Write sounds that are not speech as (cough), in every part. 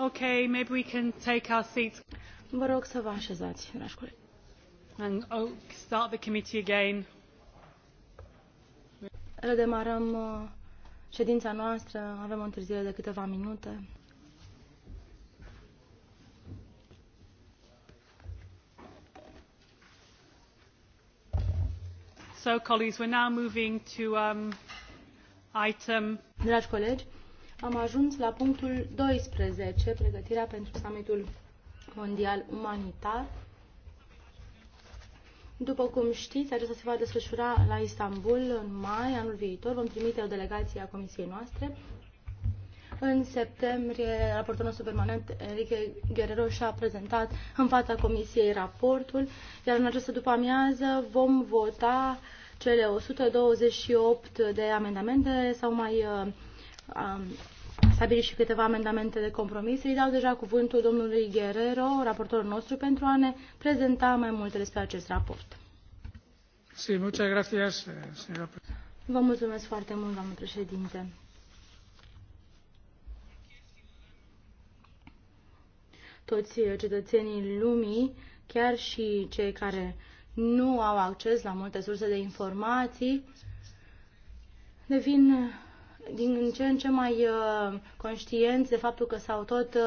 Okay, maybe we can take our seats. Vă rog să vă așezați, dragi colegi. And oh, start the committee again. Redemarăm uh, ședința noastră. Avem o întârziere de câteva minute. So, colleagues, we're now moving to um, item. Dragi colegi, am ajuns la punctul 12, pregătirea pentru summitul mondial umanitar. După cum știți, acesta se va desfășura la Istanbul în mai anul viitor. Vom trimite o delegație a comisiei noastre. În septembrie, raportul nostru permanent, Enrique Guerrero, și-a prezentat în fața comisiei raportul, iar în această după-amiază vom vota cele 128 de amendamente sau mai uh, am stabilit și câteva amendamente de compromis. Îi dau deja cuvântul domnului Guerrero, raportorul nostru, pentru a ne prezenta mai multe despre acest raport. Sí, muchas gracias, señora. Vă mulțumesc foarte mult, doamnă președinte. Toți cetățenii lumii, chiar și cei care nu au acces la multe surse de informații, devin din ce în ce mai uh, conștienți de faptul că s-au tot uh,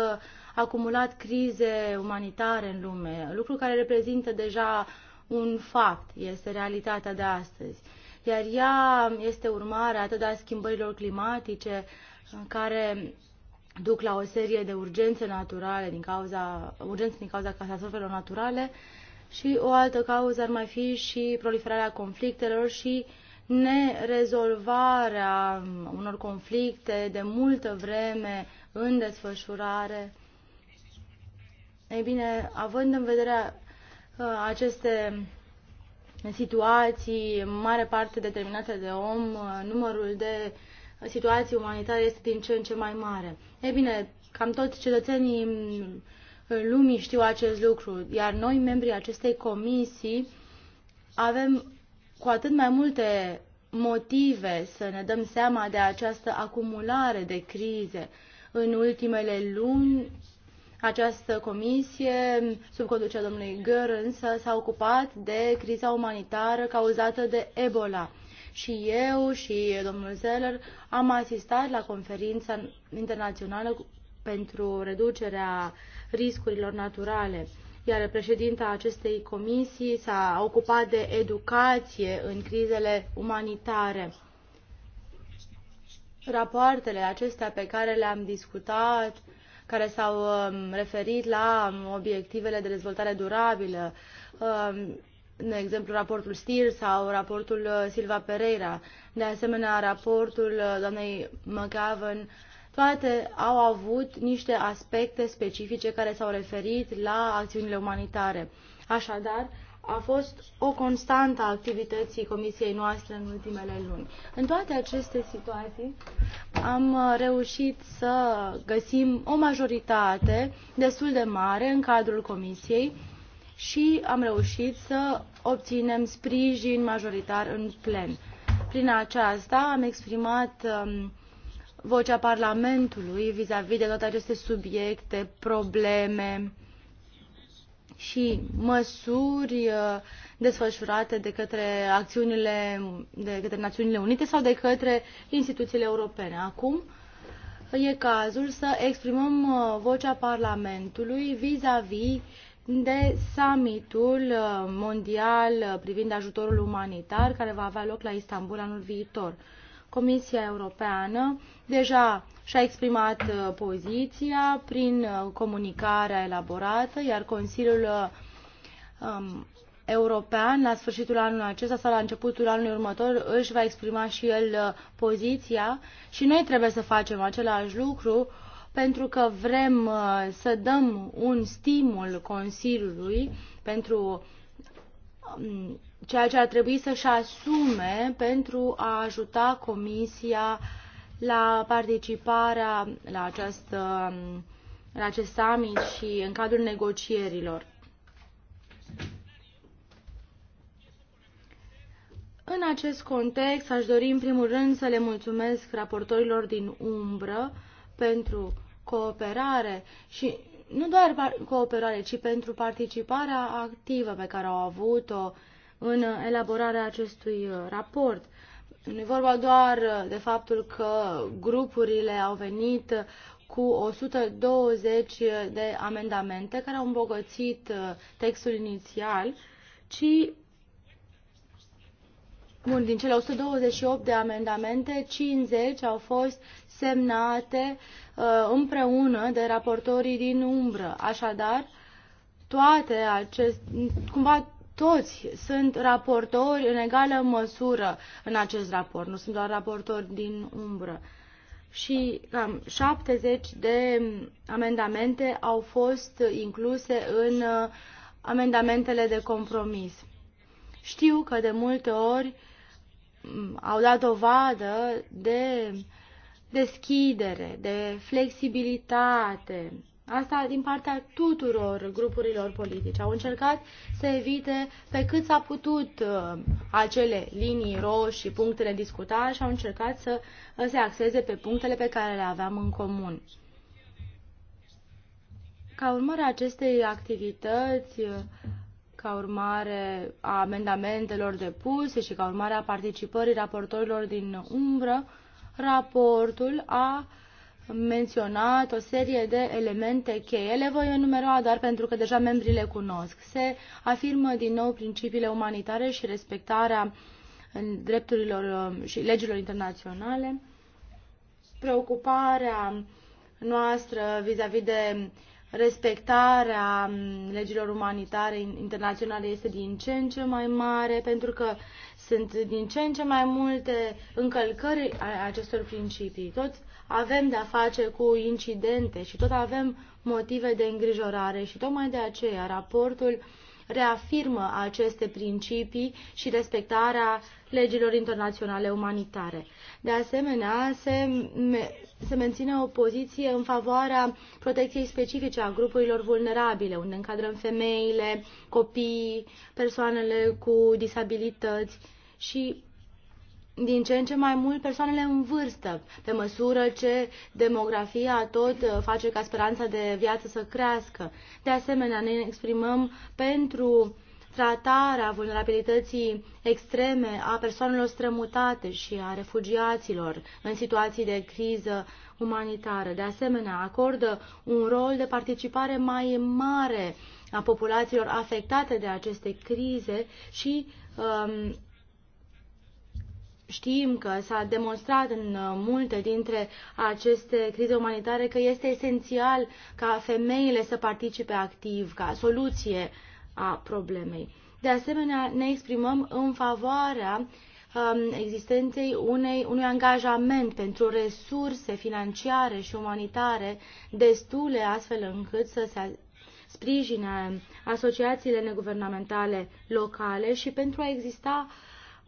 acumulat crize umanitare în lume, lucru care reprezintă deja un fapt, este realitatea de astăzi. Iar ea este urmare atât a schimbărilor climatice uh, care duc la o serie de urgențe naturale din cauza, urgențe din cauza catastrofelor naturale și o altă cauză ar mai fi și proliferarea conflictelor și uh, nerezolvarea unor conflicte de multă vreme în desfășurare. Ei bine, având în vedere uh, aceste situații, mare parte determinate de om, uh, numărul de situații umanitare este din ce în ce mai mare. Ei bine, cam toți cetățenii lumii știu acest lucru, iar noi, membrii acestei comisii, avem cu atât mai multe motive să ne dăm seama de această acumulare de crize. În ultimele luni, această comisie, sub conducerea domnului însă s-a ocupat de criza umanitară cauzată de Ebola. Și eu și domnul Zeller am asistat la conferința internațională pentru reducerea riscurilor naturale iar președinta acestei comisii s-a ocupat de educație în crizele umanitare. Rapoartele acestea pe care le-am discutat, care s-au um, referit la um, obiectivele de dezvoltare durabilă, um, de exemplu raportul Stier sau raportul uh, Silva Pereira, de asemenea raportul uh, doamnei McGavin toate au avut niște aspecte specifice care s-au referit la acțiunile umanitare. Așadar, a fost o constantă a activității comisiei noastre în ultimele luni. În toate aceste situații am reușit să găsim o majoritate destul de mare în cadrul comisiei și am reușit să obținem sprijin majoritar în plen. Prin aceasta am exprimat um, vocea Parlamentului vis-a-vis -vis de toate aceste subiecte, probleme și măsuri uh, desfășurate de către acțiunile de către Națiunile Unite sau de către instituțiile europene. Acum e cazul să exprimăm uh, vocea Parlamentului vis-a-vis -vis de summitul uh, mondial privind ajutorul umanitar care va avea loc la Istanbul anul viitor. Comisia Europeană deja și-a exprimat uh, poziția prin uh, comunicarea elaborată, iar Consiliul um, European, la sfârșitul anului acesta sau la începutul anului următor, își va exprima și el uh, poziția și noi trebuie să facem același lucru pentru că vrem să dăm un stimul Consiliului pentru um, ceea ce ar trebui să-și asume pentru a ajuta Comisia la participarea la, această, um, la acest summit și în cadrul negocierilor. În acest context, aș dori în primul rând să le mulțumesc raportorilor din umbră pentru cooperare și nu doar cooperare, ci pentru participarea activă pe care au avut-o în elaborarea acestui uh, raport. Nu e vorba doar uh, de faptul că grupurile au venit cu 120 de amendamente care au îmbogățit uh, textul inițial, ci Bun, din cele 128 de amendamente, 50 au fost semnate uh, împreună de raportorii din umbră. Așadar, toate acest, cumva toți sunt raportori în egală măsură în acest raport, nu sunt doar raportori din umbră. Și cam 70 de amendamente au fost incluse în uh, amendamentele de compromis. Știu că de multe ori mm, au dat dovadă de deschidere, de flexibilitate, Asta din partea tuturor grupurilor politice. Au încercat să evite pe cât s-a putut uh, acele linii roșii, punctele discutate și au încercat să uh, se axeze pe punctele pe care le aveam în comun. Ca urmare a acestei activități, uh, ca urmare a amendamentelor depuse și ca urmare a participării raportorilor din umbră, raportul a uh, menționat o serie de elemente cheie. Le voi enumera dar pentru că deja membrii le cunosc. Se afirmă din nou principiile umanitare și respectarea drepturilor uh, și legilor internaționale, preocuparea noastră vis-a-vis -vis de respectarea um, legilor umanitare internaționale este din ce în ce mai mare, pentru că sunt din ce în ce mai multe încălcări a acestor principii. Toți avem de-a face cu incidente și tot avem motive de îngrijorare și tocmai de aceea raportul reafirmă aceste principii și respectarea legilor internaționale umanitare. De asemenea, se, me, se menține o poziție în favoarea protecției specifice a grupurilor vulnerabile, unde încadrăm femeile, copiii, persoanele cu disabilități și din ce în ce mai mult persoanele în vârstă, pe măsură ce demografia tot uh, face ca speranța de viață să crească. De asemenea, ne exprimăm pentru tratarea vulnerabilității extreme a persoanelor strămutate și a refugiaților în situații de criză umanitară. De asemenea, acordă un rol de participare mai mare a populațiilor afectate de aceste crize și um, Știm că s-a demonstrat în uh, multe dintre aceste crize umanitare că este esențial ca femeile să participe activ, ca soluție a problemei. De asemenea, ne exprimăm în favoarea um, existenței unei, unui angajament pentru resurse financiare și umanitare destule astfel încât să se sprijine asociațiile neguvernamentale locale și pentru a exista uh,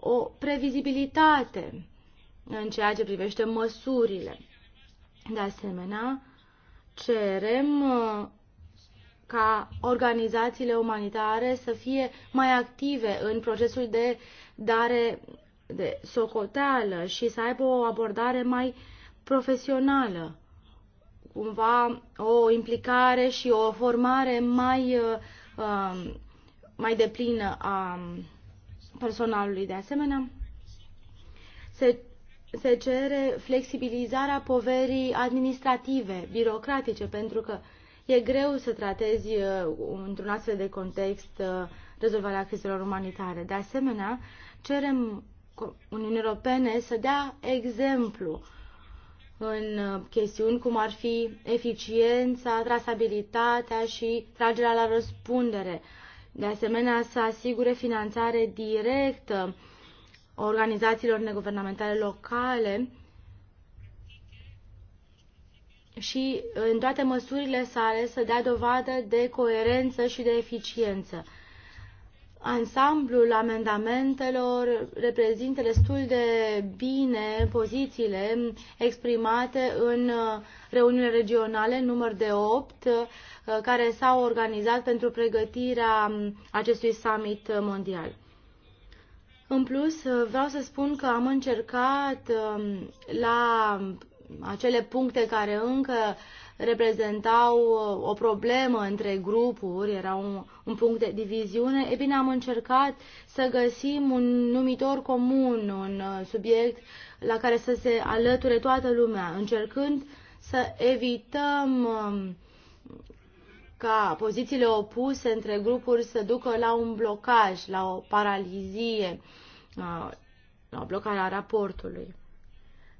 o previzibilitate în ceea ce privește măsurile. De asemenea, cerem uh, ca organizațiile umanitare să fie mai active în procesul de dare de socoteală și să aibă o abordare mai profesională, cumva o implicare și o formare mai, uh, um, mai deplină a personalului. De asemenea, se, se cere flexibilizarea poverii administrative, birocratice, pentru că e greu să tratezi uh, într-un astfel de context uh, rezolvarea crizelor umanitare. De asemenea, cerem Uniunii Europene să dea exemplu în uh, chestiuni cum ar fi eficiența, trasabilitatea și tragerea la răspundere de asemenea să asigure finanțare directă organizațiilor neguvernamentale locale și în toate măsurile sale să dea dovadă de coerență și de eficiență ansamblul amendamentelor reprezintă destul de bine pozițiile exprimate în uh, reuniunile regionale, număr de opt, uh, care s-au organizat pentru pregătirea um, acestui summit mondial. În plus, uh, vreau să spun că am încercat um, la acele puncte care încă reprezentau uh, o problemă între grupuri, era un, un punct de diviziune, e bine, am încercat să găsim un numitor comun, un uh, subiect la care să se alăture toată lumea, încercând să evităm um, ca pozițiile opuse între grupuri să ducă la un blocaj, la o paralizie, uh, la o blocare a raportului.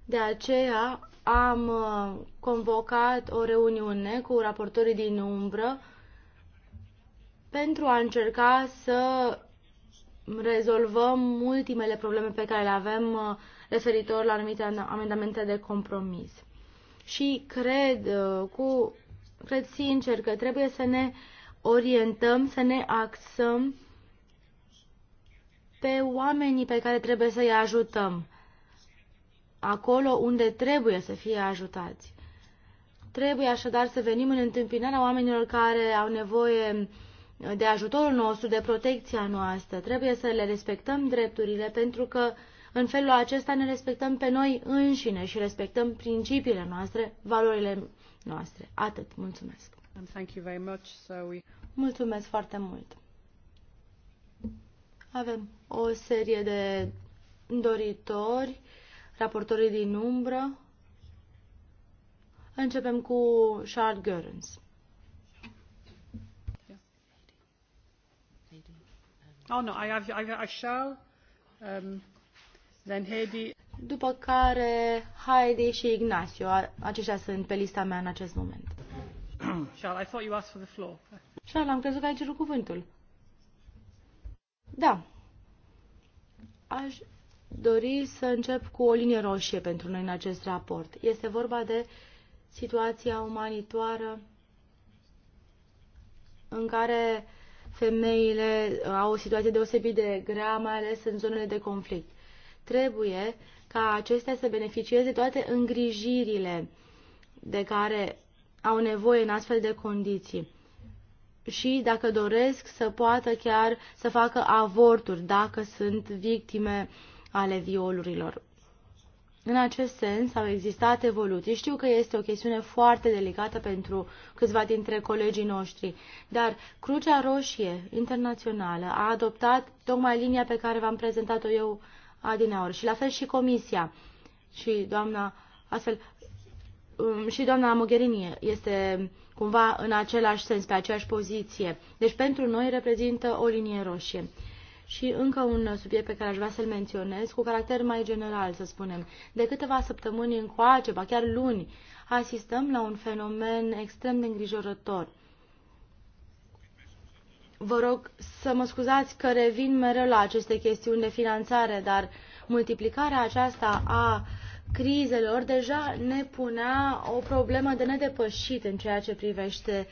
De aceea am uh, convocat o reuniune cu raportorii din umbră pentru a încerca să rezolvăm ultimele probleme pe care le avem uh, referitor la anumite amendamente de compromis. Și cred, uh, cu, cred sincer că trebuie să ne orientăm, să ne axăm pe oamenii pe care trebuie să-i ajutăm acolo unde trebuie să fie ajutați. Trebuie așadar să venim în întâmpinarea oamenilor care au nevoie de ajutorul nostru, de protecția noastră. Trebuie să le respectăm drepturile pentru că în felul acesta ne respectăm pe noi înșine și respectăm principiile noastre, valorile noastre. Atât. Mulțumesc. And thank you very much. So we... Mulțumesc foarte mult. Avem o serie de doritori raportorii din umbră. Începem cu Charles Görens. Oh, no, I, have, I, I shall, um, then Heidi. După care Heidi și Ignacio, aceștia sunt pe lista mea în acest moment. Shall, (coughs) I thought you asked for the floor. Shall, am crezut că ai cerut cuvântul. Da. Aș dori să încep cu o linie roșie pentru noi în acest raport. Este vorba de situația umanitoară în care femeile uh, au o situație deosebit de grea, mai ales în zonele de conflict. Trebuie ca acestea să beneficieze toate îngrijirile de care au nevoie în astfel de condiții și dacă doresc să poată chiar să facă avorturi dacă sunt victime uh, ale violurilor. În acest sens au existat evoluții. Știu că este o chestiune foarte delicată pentru câțiva dintre colegii noștri, dar Crucea Roșie Internațională a adoptat tocmai linia pe care v-am prezentat-o eu adineaur și la fel și Comisia și doamna, astfel, um, și doamna Mogherini este cumva în același sens, pe aceeași poziție. Deci pentru noi reprezintă o linie roșie. Și încă un subiect pe care aș vrea să-l menționez, cu caracter mai general, să spunem. De câteva săptămâni încoace, ba chiar luni, asistăm la un fenomen extrem de îngrijorător. Vă rog să mă scuzați că revin mereu la aceste chestiuni de finanțare, dar multiplicarea aceasta a crizelor deja ne punea o problemă de nedepășit în ceea ce privește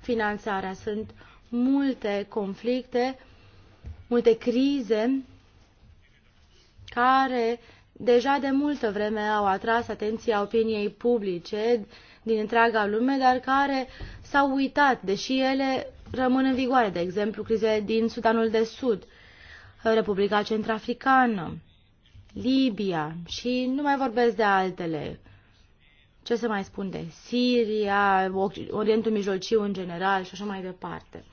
finanțarea. Sunt multe conflicte multe crize care deja de multă vreme au atras atenția opiniei publice din întreaga lume, dar care s-au uitat, deși ele rămân în vigoare, de exemplu, crizele din Sudanul de Sud, Republica Centrafricană, Libia și nu mai vorbesc de altele. Ce să mai spun de Siria, Orientul Mijlociu în general și așa mai departe.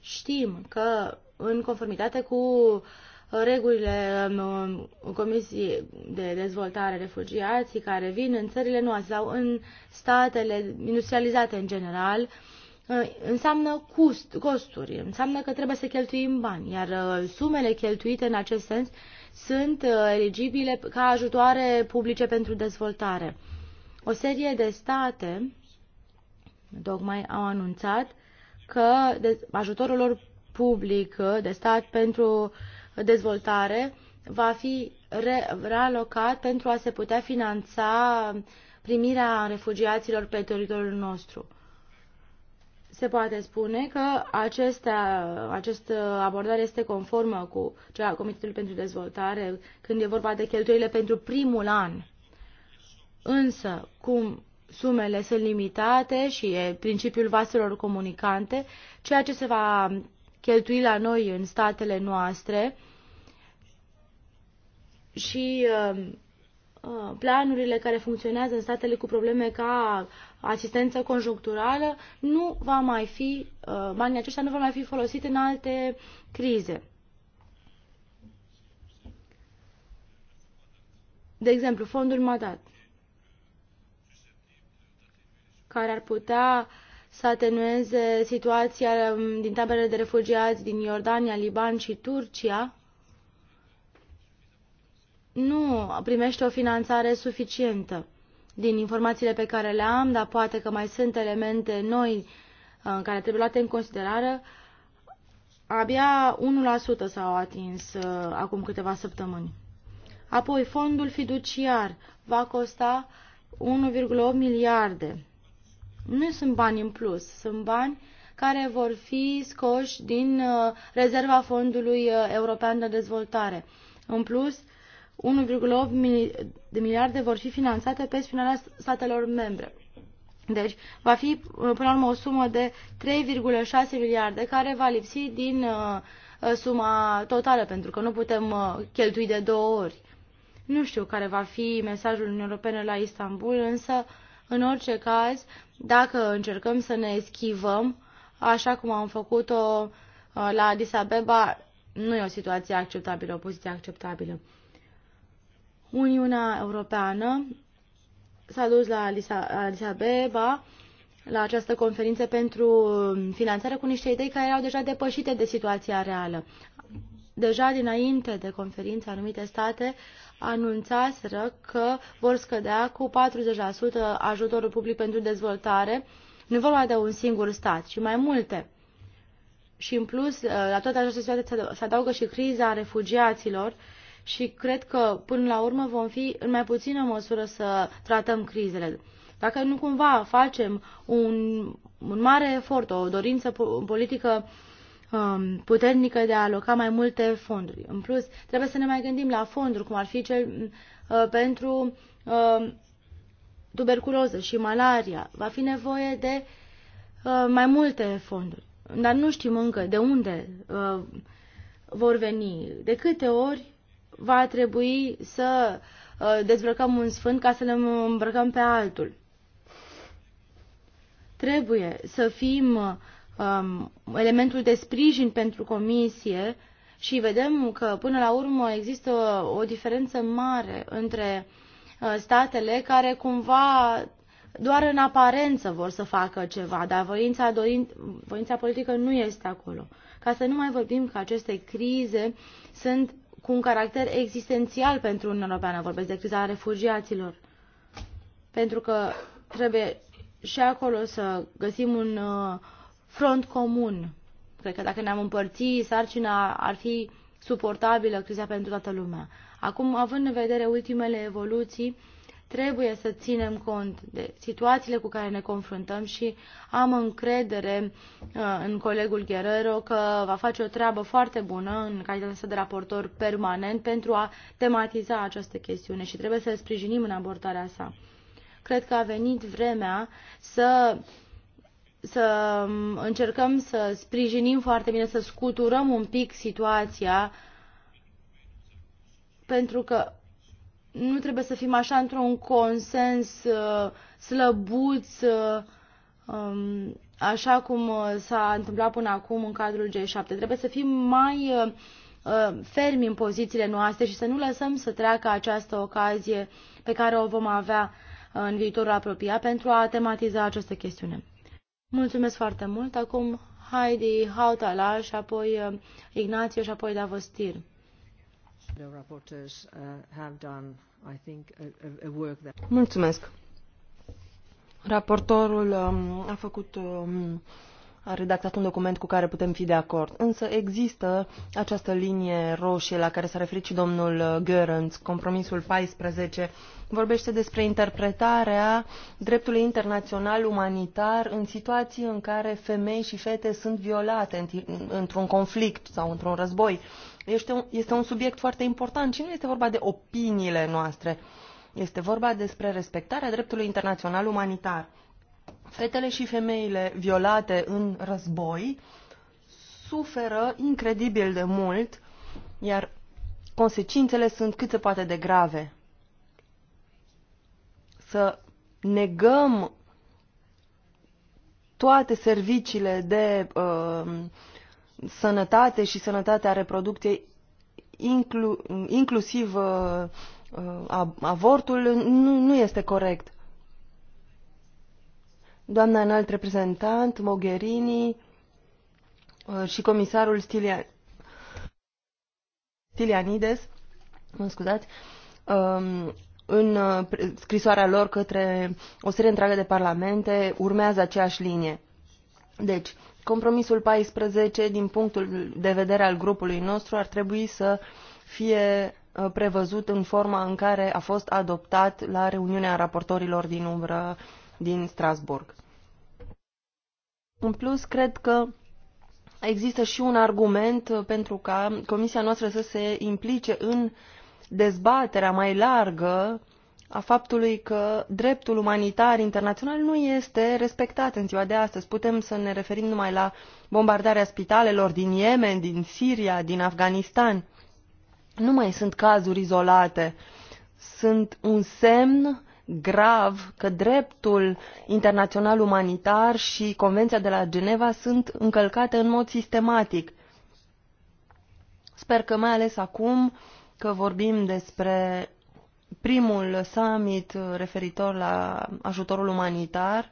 Știm că în conformitate cu uh, regulile um, um, Comisiei de Dezvoltare Refugiații care vin în țările noastre sau în statele industrializate în general, uh, înseamnă costuri, înseamnă că trebuie să cheltuim bani, iar uh, sumele cheltuite în acest sens sunt eligibile ca ajutoare publice pentru dezvoltare. O serie de state tocmai au anunțat că ajutorul lor public de stat pentru dezvoltare va fi realocat pentru a se putea finanța primirea refugiaților pe teritoriul nostru. Se poate spune că acestea, această abordare este conformă cu cea a Comitetului pentru Dezvoltare când e vorba de cheltuielile pentru primul an. Însă, cum sumele sunt limitate și e principiul vaselor comunicante, ceea ce se va cheltui la noi în statele noastre și uh, uh, planurile care funcționează în statele cu probleme ca asistență conjuncturală nu va mai fi, uh, banii aceștia nu vor mai fi folosit în alte crize. De exemplu, fondul Madat, care ar putea să atenueze situația um, din taberele de refugiați din Iordania, Liban și Turcia, nu primește o finanțare suficientă. Din informațiile pe care le am, dar poate că mai sunt elemente noi uh, care trebuie luate în considerare, abia 1% s-au atins uh, acum câteva săptămâni. Apoi, fondul fiduciar va costa 1,8 miliarde nu sunt bani în plus, sunt bani care vor fi scoși din uh, rezerva Fondului uh, European de Dezvoltare. În plus, 1,8 miliarde vor fi finanțate pe spinarea statelor membre. Deci va fi uh, până la urmă o sumă de 3,6 miliarde care va lipsi din uh, suma totală pentru că nu putem uh, cheltui de două ori. Nu știu care va fi mesajul Uniunii Europene la Istanbul, însă în orice caz dacă încercăm să ne eschivăm, așa cum am făcut-o uh, la Addis Abeba, nu e o situație acceptabilă, o poziție acceptabilă. Uniunea Europeană s-a dus la Addis Abeba la această conferință pentru uh, finanțare cu niște idei care erau deja depășite de situația reală. Deja dinainte de conferință, anumite state anunțaseră că vor scădea cu 40% ajutorul public pentru dezvoltare. Nu vorba de un singur stat, ci mai multe. Și în plus, uh, la toate aceste situații se adaugă și criza refugiaților și cred că până la urmă vom fi în mai puțină măsură să tratăm crizele. Dacă nu cumva facem un, un mare efort, o dorință politică uh, um, puternică de a aloca mai multe fonduri. În plus, trebuie să ne mai gândim la fonduri, cum ar fi cel uh, pentru uh, tuberculoză și malaria. Va fi nevoie de uh, mai multe fonduri. Dar nu știm încă de unde uh, vor veni. De câte ori va trebui să uh, dezbrăcăm un sfânt ca să ne îmbrăcăm pe altul. Trebuie să fim uh, um, elementul de sprijin pentru comisie și vedem că până la urmă există o diferență mare între uh, statele care cumva doar în aparență vor să facă ceva, dar voința, dorin, voința politică nu este acolo. Ca să nu mai vorbim că aceste crize sunt cu un caracter existențial pentru Uniunea Europeană, vorbesc de criza refugiaților, pentru că trebuie și acolo să găsim un uh, front comun. Cred că dacă ne-am împărțit, sarcina ar fi suportabilă criza pentru toată lumea. Acum, având în vedere ultimele evoluții, trebuie să ținem cont de situațiile cu care ne confruntăm și am încredere uh, în colegul Guerrero că va face o treabă foarte bună în calitatea sa de raportor permanent pentru a tematiza această chestiune și trebuie să îl sprijinim în abordarea sa. Cred că a venit vremea să să um, încercăm să sprijinim foarte bine, să scuturăm un pic situația, pentru că nu trebuie să fim așa într-un consens uh, slăbuț, uh, um, așa cum uh, s-a întâmplat până acum în cadrul G7. Trebuie să fim mai fermi în pozițiile noastre și să nu lăsăm să treacă această ocazie pe care o vom avea în viitorul apropiat pentru a tematiza această chestiune. Mulțumesc foarte mult. Acum Heidi Hautala și apoi uh, Ignațiu și apoi Davostir. Uh, Mulțumesc. Raportorul um, a făcut um, a redactat un document cu care putem fi de acord. Însă există această linie roșie la care s-a referit și domnul Görens, compromisul 14, vorbește despre interpretarea dreptului internațional umanitar în situații în care femei și fete sunt violate într-un conflict sau într-un război. Este un, este un subiect foarte important și nu este vorba de opiniile noastre. Este vorba despre respectarea dreptului internațional umanitar. Fetele și femeile violate în război suferă incredibil de mult, iar consecințele sunt cât se poate de grave. Să negăm toate serviciile de uh, sănătate și sănătatea reproducției, inclu, inclusiv uh, uh avortul, nu, nu este corect doamna înalt reprezentant, Mogherini uh, și comisarul Stilianides, mă scuzați, um, în uh, scrisoarea lor către o serie întreagă de parlamente urmează aceeași linie. Deci, compromisul 14, din punctul de vedere al grupului nostru, ar trebui să fie uh, prevăzut în forma în care a fost adoptat la reuniunea raportorilor din umbră din Strasburg. În plus, cred că există și un argument pentru ca comisia noastră să se implice în dezbaterea mai largă a faptului că dreptul umanitar internațional nu este respectat în ziua de astăzi. Putem să ne referim numai la bombardarea spitalelor din Yemen, din Siria, din Afganistan. Nu mai sunt cazuri izolate. Sunt un semn grav că dreptul internațional umanitar și Convenția de la Geneva sunt încălcate în mod sistematic. Sper că mai ales acum că vorbim despre primul summit referitor la ajutorul umanitar,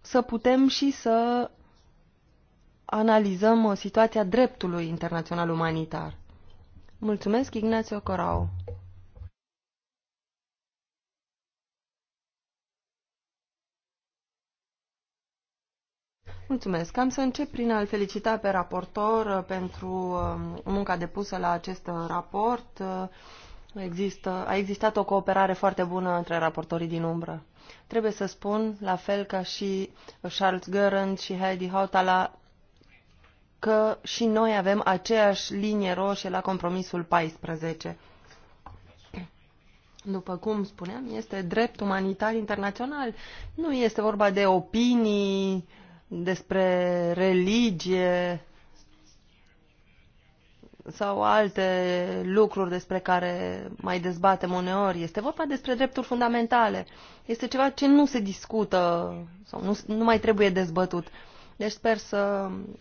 să putem și să analizăm situația dreptului internațional umanitar. Mulțumesc, Ignațio Corau. Mulțumesc. Am să încep prin a-l felicita pe raportor uh, pentru uh, munca depusă la acest uh, raport. Există, a existat o cooperare foarte bună între raportorii din umbră. Trebuie să spun, la fel ca și Charles Gerrand și Heidi Hautala, că și noi avem aceeași linie roșie la compromisul 14. După cum spuneam, este drept umanitar internațional. Nu este vorba de opinii uh, despre religie sau alte lucruri despre care mai dezbatem uneori. Este vorba despre drepturi fundamentale. Este ceva ce nu se discută sau nu, nu mai trebuie dezbătut. Deci sper să mm,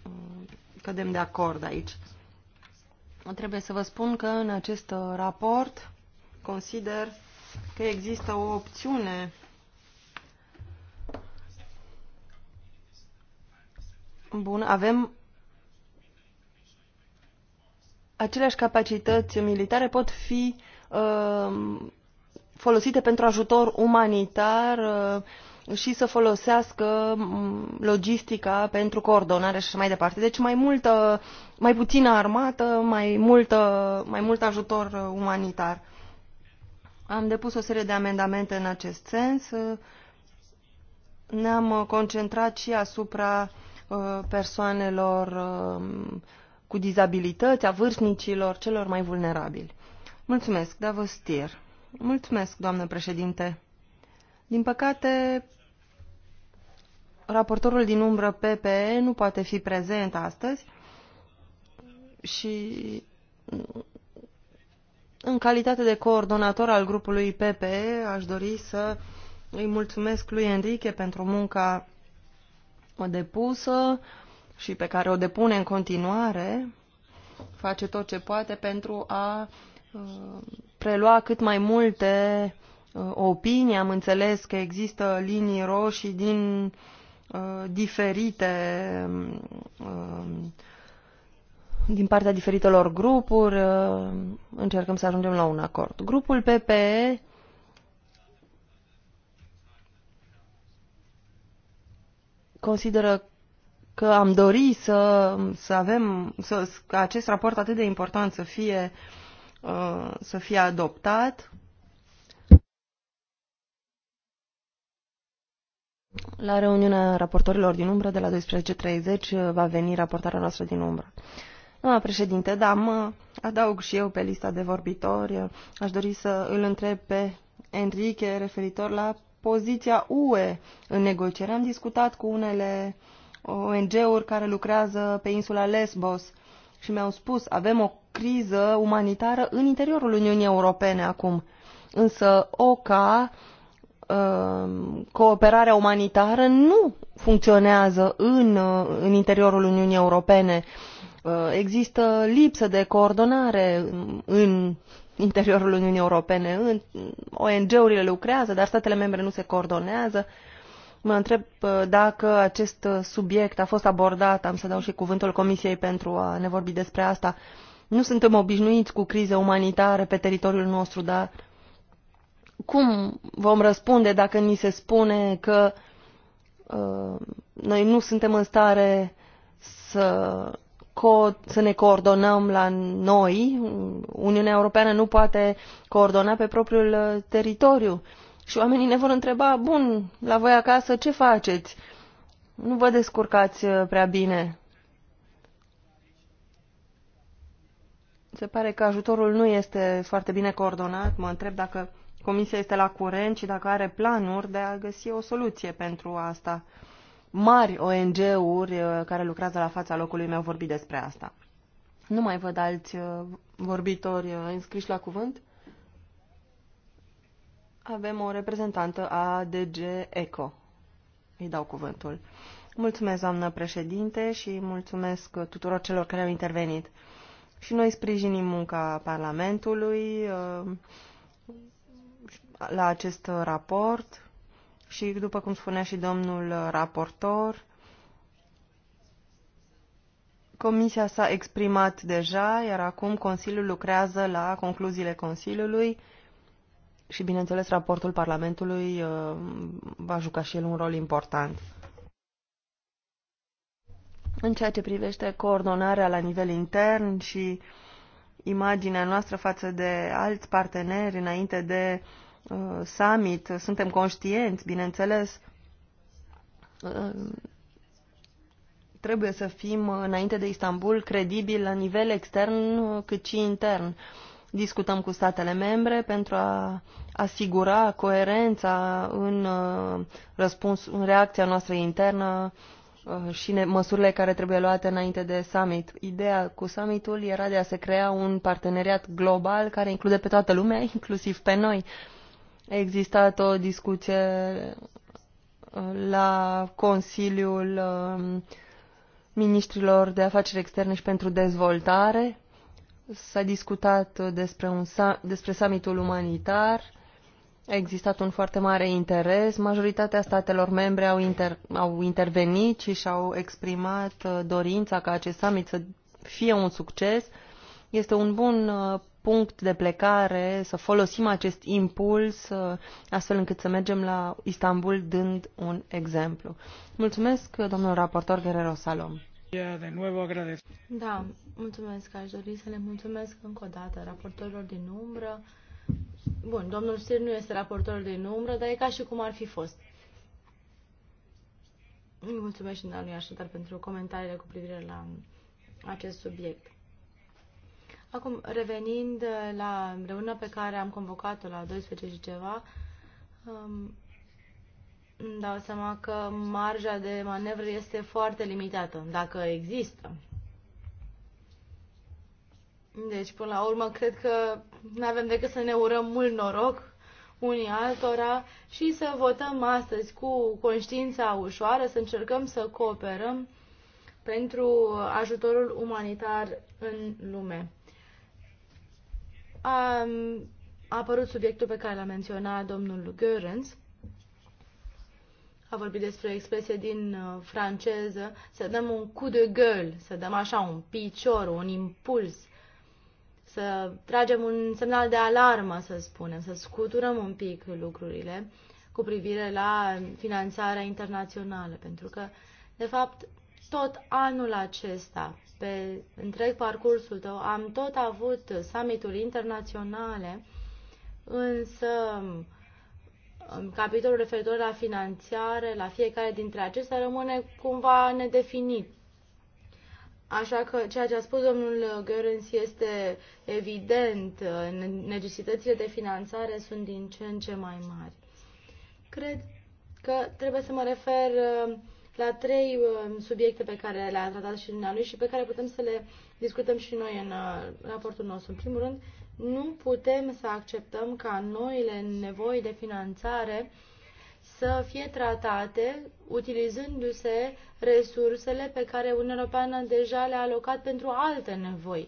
cădem de acord aici. Trebuie să vă spun că în acest uh, raport consider că există o opțiune Bun, avem aceleași capacități militare pot fi uh, folosite pentru ajutor umanitar uh, și să folosească mm, logistica pentru coordonare și așa mai departe. Deci mai multă, mai puțină armată, mai, multă, mai mult ajutor uh, umanitar. Am depus o serie de amendamente în acest sens. Ne-am concentrat și asupra uh, Uh, persoanelor uh, cu dizabilități, a vârstnicilor, celor mai vulnerabili. Mulțumesc, Davos Stier. Mulțumesc, doamnă președinte. Din păcate, raportorul din umbră PPE nu poate fi prezent astăzi și în calitate de coordonator al grupului PPE aș dori să îi mulțumesc lui Enrique pentru munca depusă și pe care o depune în continuare, face tot ce poate pentru a uh, prelua cât mai multe uh, opinii. Am înțeles că există linii roșii din uh, diferite um, din partea diferitelor grupuri încercăm să ajungem la un acord. Grupul PPE consideră că am dori să, să avem, să, ca acest raport atât de important să fie, uh, să fie adoptat. La reuniunea raportorilor din umbră de la 12.30 uh, va veni raportarea noastră din umbră. Doamna președinte, da, mă adaug și eu pe lista de vorbitori. Uh, aș dori să îl întreb pe Enrique referitor la poziția UE în negociere. Am discutat cu unele ONG-uri care lucrează pe insula Lesbos și mi-au spus avem o criză umanitară în interiorul Uniunii Europene acum. Însă OCA, um, cooperarea umanitară, nu funcționează în, uh, în interiorul Uniunii Europene. Uh, există lipsă de coordonare în interiorul Uniunii Europene. ONG-urile lucrează, dar statele membre nu se coordonează. Mă întreb uh, dacă acest uh, subiect a fost abordat, am să dau și cuvântul Comisiei pentru a ne vorbi despre asta. Nu suntem obișnuiți cu crize umanitare pe teritoriul nostru, dar cum vom răspunde dacă ni se spune că uh, noi nu suntem în stare să să ne coordonăm la noi. Uniunea Europeană nu poate coordona pe propriul uh, teritoriu. Și oamenii ne vor întreba, bun, la voi acasă ce faceți? Nu vă descurcați uh, prea bine. Se pare că ajutorul nu este foarte bine coordonat. Mă întreb dacă Comisia este la curent și dacă are planuri de a găsi o soluție pentru asta mari ONG-uri uh, care lucrează la fața locului mi-au vorbit despre asta. Nu mai văd alți uh, vorbitori uh, înscriși la cuvânt. Avem o reprezentantă a DG ECO. Îi dau cuvântul. Mulțumesc, doamnă președinte, și mulțumesc tuturor celor care au intervenit. Și noi sprijinim munca Parlamentului la acest raport și, după cum spunea și domnul raportor, Comisia s-a exprimat deja, iar acum Consiliul lucrează la concluziile Consiliului și, bineînțeles, raportul Parlamentului uh, va juca și el un rol important. În ceea ce privește coordonarea la nivel intern și imaginea noastră față de alți parteneri înainte de uh, Uh, summit. Suntem conștienți, bineînțeles. Uh, trebuie să fim, înainte de Istanbul, credibili la nivel extern cât și intern. Discutăm cu statele membre pentru a asigura coerența în, uh, răspuns, în reacția noastră internă și ne, măsurile care trebuie luate înainte de summit. Ideea cu summitul era de a se crea un parteneriat global care include pe toată lumea, (laughs) inclusiv pe noi. Uh, existat o discuție uh, la Consiliul uh, Ministrilor de Afaceri Externe și pentru Dezvoltare. S-a discutat despre, un, despre summitul umanitar. A existat un foarte mare interes. Majoritatea statelor membre au, inter, au intervenit și și-au exprimat uh, dorința ca acest summit să fie un succes. Este un bun punct de plecare, să folosim acest impuls uh, astfel încât să mergem la Istanbul dând un exemplu. Mulțumesc, domnul raportor Guerrero Salom. Da, mulțumesc. Aș dori să le mulțumesc încă o dată raportorilor din umbră. Bun, domnul Sir nu este raportor din umbră, dar e ca și cum ar fi fost. Mulțumesc și Danui așadar pentru comentariile cu privire la acest subiect. Acum, revenind uh, la reuniunea pe care am convocat-o la 12 și ceva, um, îmi dau seama că marja de manevră este foarte limitată, dacă există. Deci, până la urmă, cred că nu avem decât să ne urăm mult noroc unii altora și să votăm astăzi cu conștiința ușoară, să încercăm să cooperăm pentru ajutorul umanitar în lume a, a apărut subiectul pe care l-a menționat domnul Görens. A vorbit despre o expresie din uh, franceză, să dăm un coup de gueule, să dăm așa un picior, un impuls, să tragem un semnal de alarmă, să spunem, să scuturăm un pic lucrurile cu privire la finanțarea internațională, pentru că, de fapt, tot anul acesta, pe întreg parcursul tău, am tot avut summituri internaționale, însă în capitolul referitor la finanțare, la fiecare dintre acestea, rămâne cumva nedefinit. Așa că ceea ce a spus domnul Görens este evident, necesitățile de finanțare sunt din ce în ce mai mari. Cred că trebuie să mă refer la trei um, subiecte pe care le-a tratat și dumnealui și pe care putem să le discutăm și noi în uh, raportul nostru. În primul rând, nu putem să acceptăm ca noile nevoi de finanțare să fie tratate utilizându-se resursele pe care Uniunea Europeană deja le-a alocat pentru alte nevoi.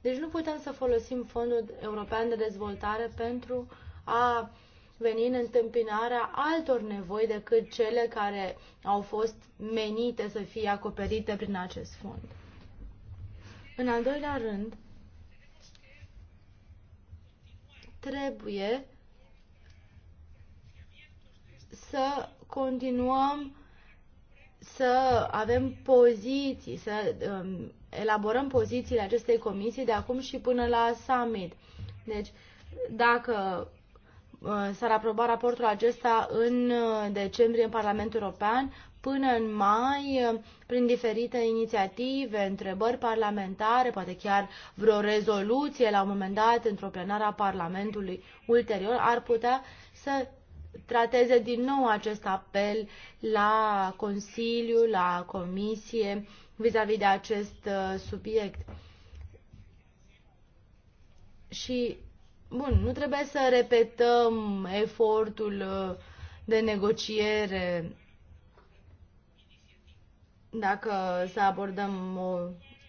Deci nu putem să folosim Fondul European de Dezvoltare pentru a veni în întâmpinarea altor nevoi decât cele care au fost menite să fie acoperite prin acest fond. În al doilea rând, trebuie să continuăm să avem poziții, să um, elaborăm pozițiile acestei comisii de acum și până la summit. Deci, dacă Uh, s-ar aproba raportul acesta în uh, decembrie în Parlamentul European, până în mai, uh, prin diferite inițiative, întrebări parlamentare, poate chiar vreo rezoluție la un moment dat într-o plenară a Parlamentului ulterior, ar putea să trateze din nou acest apel la Consiliu, la Comisie, vis-a-vis de acest subiect. Și Bun, nu trebuie să repetăm efortul uh, de negociere dacă să abordăm o,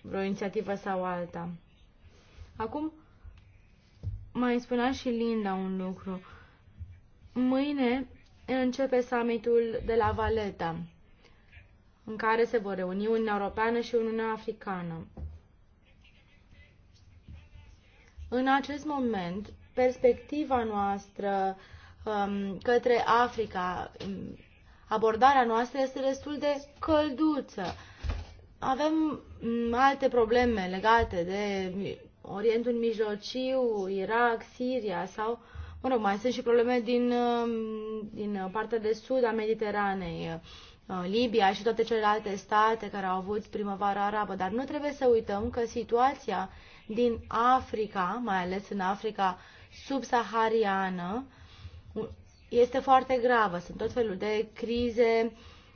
vreo inițiativă sau alta. Acum, mai spunea și Linda un lucru. Mâine începe summitul de la Valeta, în care se vor reuni Uniunea Europeană și Uniunea Africană. În acest moment, perspectiva noastră um, către Africa, um, abordarea noastră este destul de călduță. Avem mm, alte probleme legate de Orientul Mijlociu, Irak, Siria sau, mă rog, mai sunt și probleme din, um, din partea de sud a Mediteranei, uh, Libia și toate celelalte state care au avut primăvara arabă, dar nu trebuie să uităm că situația din Africa, mai ales în Africa subsahariană, este foarte gravă. Sunt tot felul de crize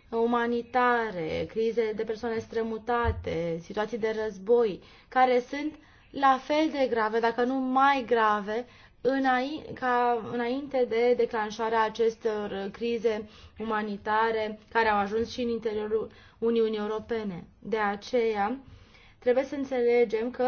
umanitare, crize de persoane strămutate, situații de război, care sunt la fel de grave, dacă nu mai grave, înainte, ca înainte de declanșarea acestor crize umanitare care au ajuns și în interiorul Uniunii Europene. De aceea, trebuie să înțelegem că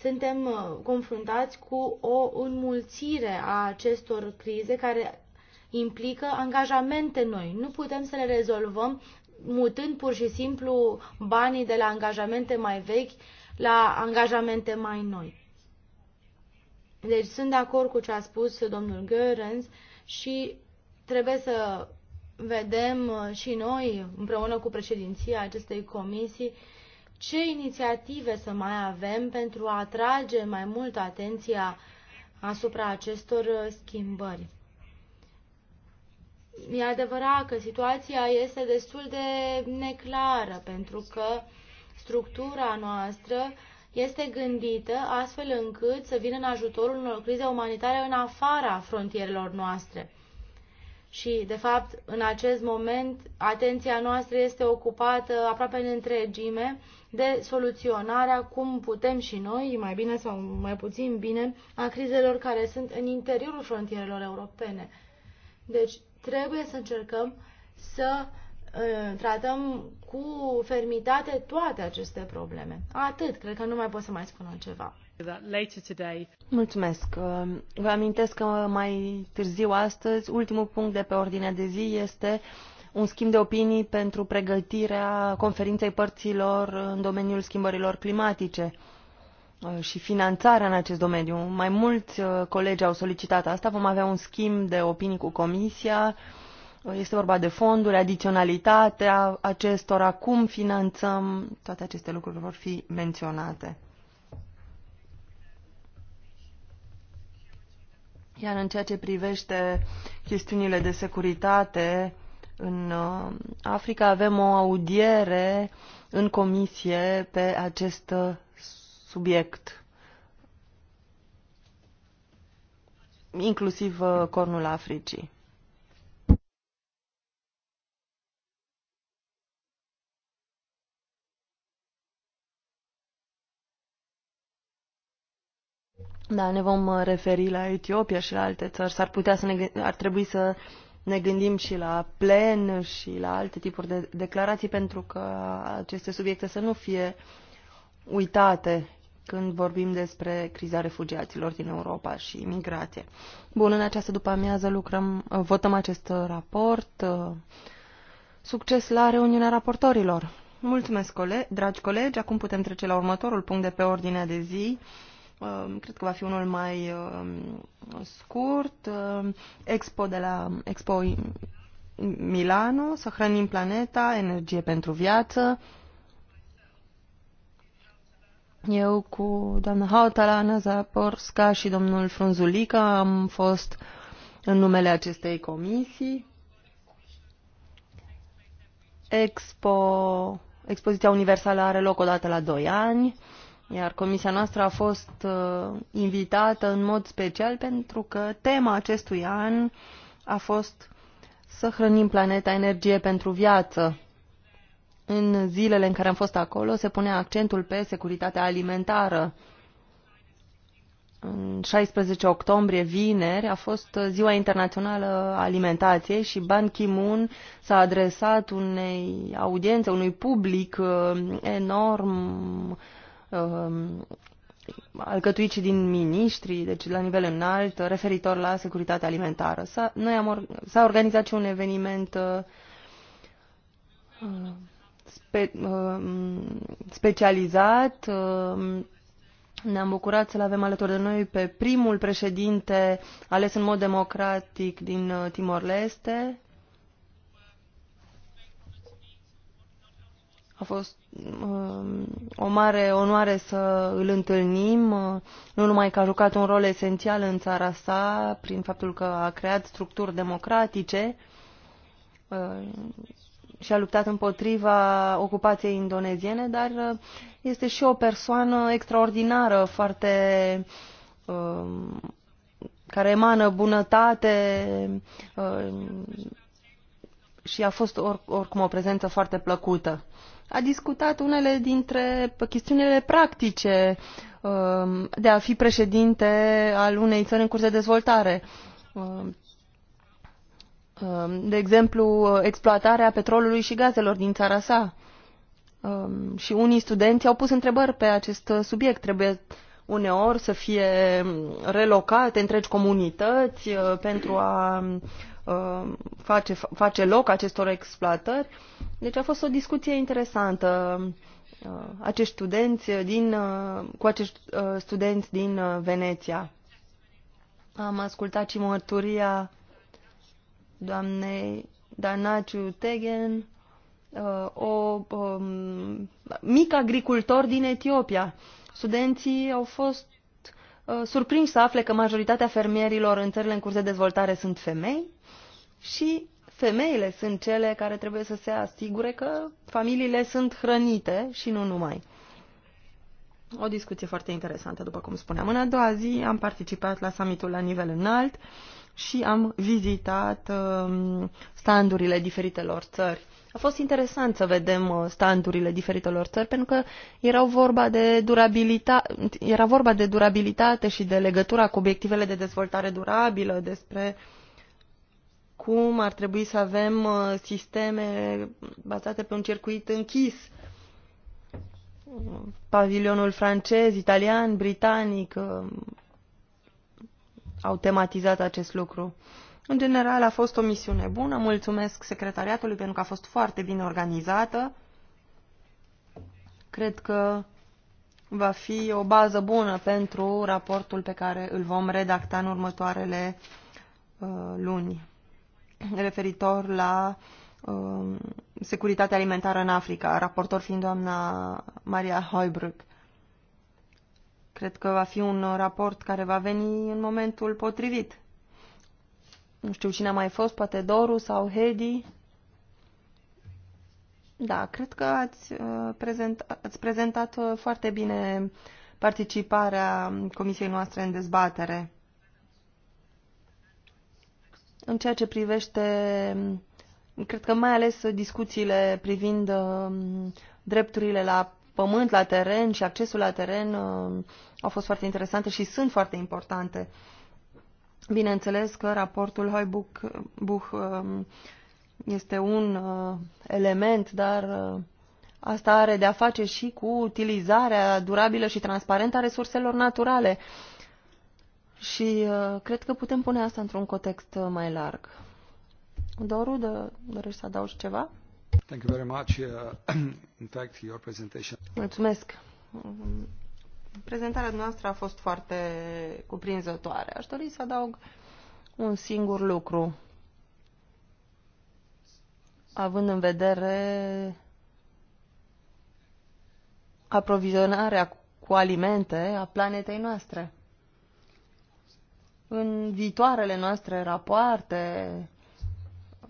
suntem uh, confruntați cu o înmulțire a acestor crize care implică angajamente noi. Nu putem să le rezolvăm mutând pur și simplu banii de la angajamente mai vechi la angajamente mai noi. Deci sunt de acord cu ce a spus domnul Görens și trebuie să vedem uh, și noi, împreună cu președinția acestei comisii, ce inițiative să mai avem pentru a atrage mai mult atenția asupra acestor uh, schimbări. E adevărat că situația este destul de neclară, pentru că structura noastră este gândită astfel încât să vină în ajutorul unor crize umanitare în afara frontierelor noastre. Și, de fapt, în acest moment, atenția noastră este ocupată aproape în întregime de soluționarea cum putem și noi, mai bine sau mai puțin bine, a crizelor care sunt în interiorul frontierelor europene. Deci trebuie să încercăm să uh, tratăm cu fermitate toate aceste probleme. Atât, cred că nu mai pot să mai spun altceva. Mulțumesc. Uh, vă amintesc că mai târziu astăzi, ultimul punct de pe ordinea de zi este un schimb de opinii pentru pregătirea conferinței părților în domeniul schimbărilor climatice uh, și finanțarea în acest domeniu. Mai mulți uh, colegi au solicitat asta. Vom avea un schimb de opinii cu Comisia. Uh, este vorba de fonduri, adiționalitatea acestora, cum finanțăm, toate aceste lucruri vor fi menționate. Iar în ceea ce privește chestiunile de securitate în uh, Africa avem o audiere în comisie pe acest uh, subiect, inclusiv uh, Cornul Africii. Da, ne vom referi la Etiopia și la alte țări. S-ar putea să ne, ar trebui să ne gândim și la plen și la alte tipuri de declarații pentru că aceste subiecte să nu fie uitate când vorbim despre criza refugiaților din Europa și migrație. Bun, în această după-amiază lucrăm, votăm acest raport. Succes la reuniunea raportorilor! Mulțumesc, dragi colegi! Acum putem trece la următorul punct de pe ordinea de zi. Um, cred că va fi unul mai um, scurt, um, Expo de la Expo Milano, să hrănim planeta, energie pentru viață. Eu cu doamna Hautala, Naza Zaporska și domnul Frunzulica am fost în numele acestei comisii. Expo, expoziția universală are loc odată la 2 ani iar comisia noastră a fost uh, invitată în mod special pentru că tema acestui an a fost să hrănim planeta energie pentru viață. În zilele în care am fost acolo se punea accentul pe securitatea alimentară. În 16 octombrie, vineri, a fost Ziua Internațională a Alimentației și Ban Ki-moon s-a adresat unei audiențe, unui public uh, enorm Um, alcătuit și din miniștri, deci la nivel înalt, referitor la securitatea alimentară. S-a, noi am, s-a organizat și un eveniment uh, spe, um, specializat. Um, ne-am bucurat să-l avem alături de noi pe primul președinte ales în mod democratic din uh, Timor-Leste, A fost um, o mare onoare să îl întâlnim, uh, nu numai că a jucat un rol esențial în țara sa, prin faptul că a creat structuri democratice uh, și a luptat împotriva ocupației indoneziene, dar uh, este și o persoană extraordinară, foarte uh, care emană bunătate uh, și a fost oricum o prezență foarte plăcută a discutat unele dintre chestiunile practice um, de a fi președinte al unei țări în curs de dezvoltare. Um, um, de exemplu, exploatarea petrolului și gazelor din țara sa. Și unii studenți au pus întrebări pe acest subiect. Trebuie uneori să fie relocate întregi comunități uh, pentru a Uh, face, face loc acestor exploatări. Deci a fost o discuție interesantă uh, acești studenți din, uh, cu acești studenți din Veneția. Am ascultat și mărturia doamnei Danaciu Tegen, o, o um, mic agricultor din Etiopia. Studenții au fost surprinși să afle că majoritatea fermierilor în țările în curs de dezvoltare sunt femei și femeile sunt cele care trebuie să se asigure că familiile sunt hrănite și nu numai. O discuție foarte interesantă, după cum spuneam. În a doua zi am participat la summitul la nivel înalt și am vizitat um, standurile diferitelor țări. A fost interesant să vedem uh, standurile diferitelor țări, pentru că erau vorba de durabilitate, era vorba de durabilitate și de legătura cu obiectivele de dezvoltare durabilă, despre uh, cum ar trebui să avem uh, sisteme bazate pe un circuit închis. Pavilionul francez, italian, britanic uh, au tematizat acest lucru. În general, a fost o misiune bună. Mulțumesc secretariatului pentru că a fost foarte bine organizată. Cred că va fi o bază bună pentru raportul pe care îl vom redacta în următoarele uh, luni referitor la uh, securitatea alimentară în Africa, raportor fiind doamna Maria Hoibruck. Cred că va fi un raport care va veni în momentul potrivit. Nu știu cine a mai fost, poate Doru sau Hedi. Da, cred că ați, uh, prezent, ați prezentat uh, foarte bine participarea comisiei noastre în dezbatere în ceea ce privește, cred că mai ales discuțiile privind um, drepturile la pământ, la teren și accesul la teren um, au fost foarte interesante și sunt foarte importante. Bineînțeles că raportul Hoibuch Buch, um, este un uh, element, dar uh, asta are de-a face și cu utilizarea durabilă și transparentă a resurselor naturale. Și uh, cred că putem pune asta într-un context uh, mai larg. Doru, de, dorești să adaugi ceva? Thank you very much. Uh, (clears throat) in fact, your presentation... Mulțumesc. Prezentarea noastră a fost foarte cuprinzătoare. Aș dori să adaug un singur lucru. Având în vedere aprovizionarea cu alimente a planetei noastre în viitoarele noastre rapoarte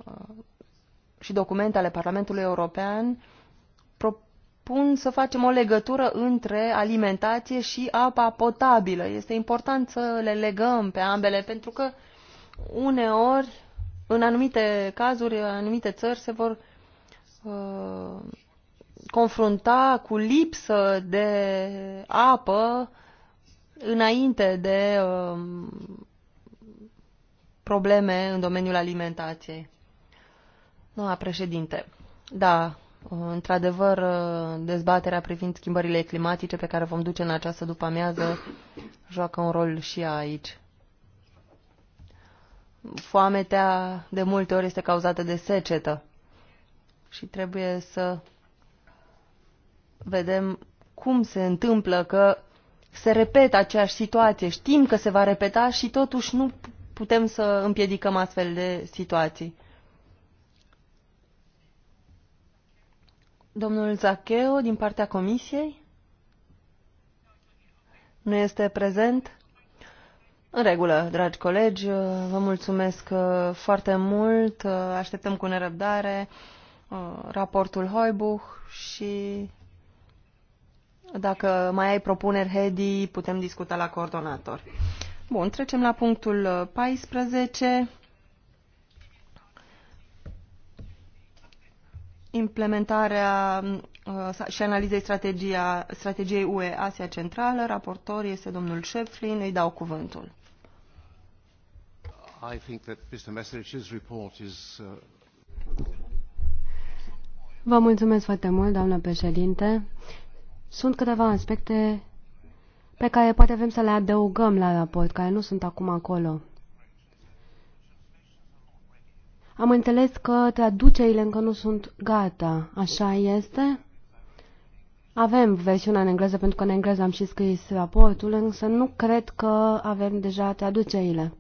uh, și documente ale Parlamentului European, propun să facem o legătură între alimentație și apa potabilă. Este important să le legăm pe ambele, pentru că uneori, în anumite cazuri, în anumite țări se vor uh, confrunta cu lipsă de apă înainte de uh, probleme în domeniul alimentației. a președinte, da, într-adevăr, dezbaterea privind schimbările climatice pe care vom duce în această după-amiază joacă un rol și aici. Foametea de multe ori este cauzată de secetă și trebuie să vedem cum se întâmplă că se repetă aceeași situație. Știm că se va repeta și totuși nu putem să împiedicăm astfel de situații. Domnul Zacheo, din partea Comisiei? Nu este prezent? În regulă, dragi colegi, vă mulțumesc uh, foarte mult, uh, așteptăm cu nerăbdare uh, raportul Hoibuch și dacă mai ai propuneri, Hedi, putem discuta la coordonator. Bun, trecem la punctul 14. Uh, Implementarea uh, și analizei strategia, strategiei UE Asia Centrală. Raportor este domnul Șeflin. Îi dau cuvântul. I think that Mr. report is uh, Vă mulțumesc foarte mult, doamnă președinte. Sunt câteva aspecte pe care poate avem să le adăugăm la raport, care nu sunt acum acolo. Am înțeles că traducerile încă nu sunt gata. Așa este? Avem versiunea în engleză, pentru că în engleză am și scris raportul, însă nu cred că avem deja traducerile.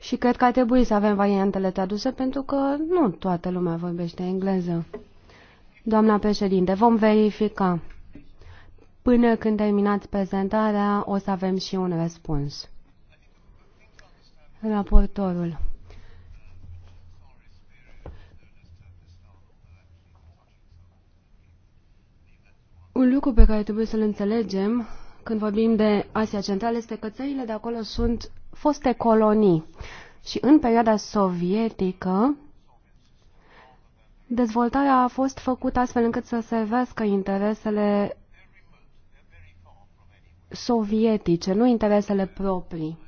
Și cred că ar trebui să avem variantele traduse, pentru că nu toată lumea vorbește engleză. Doamna președinte, vom verifica. Până când terminați prezentarea, o să avem și un răspuns. Raportorul. Un lucru pe care trebuie să-l înțelegem când vorbim de Asia Centrală este că țările de acolo sunt foste colonii. Și în perioada sovietică, Dezvoltarea a fost făcută astfel încât să servească interesele sovietice, nu interesele proprii.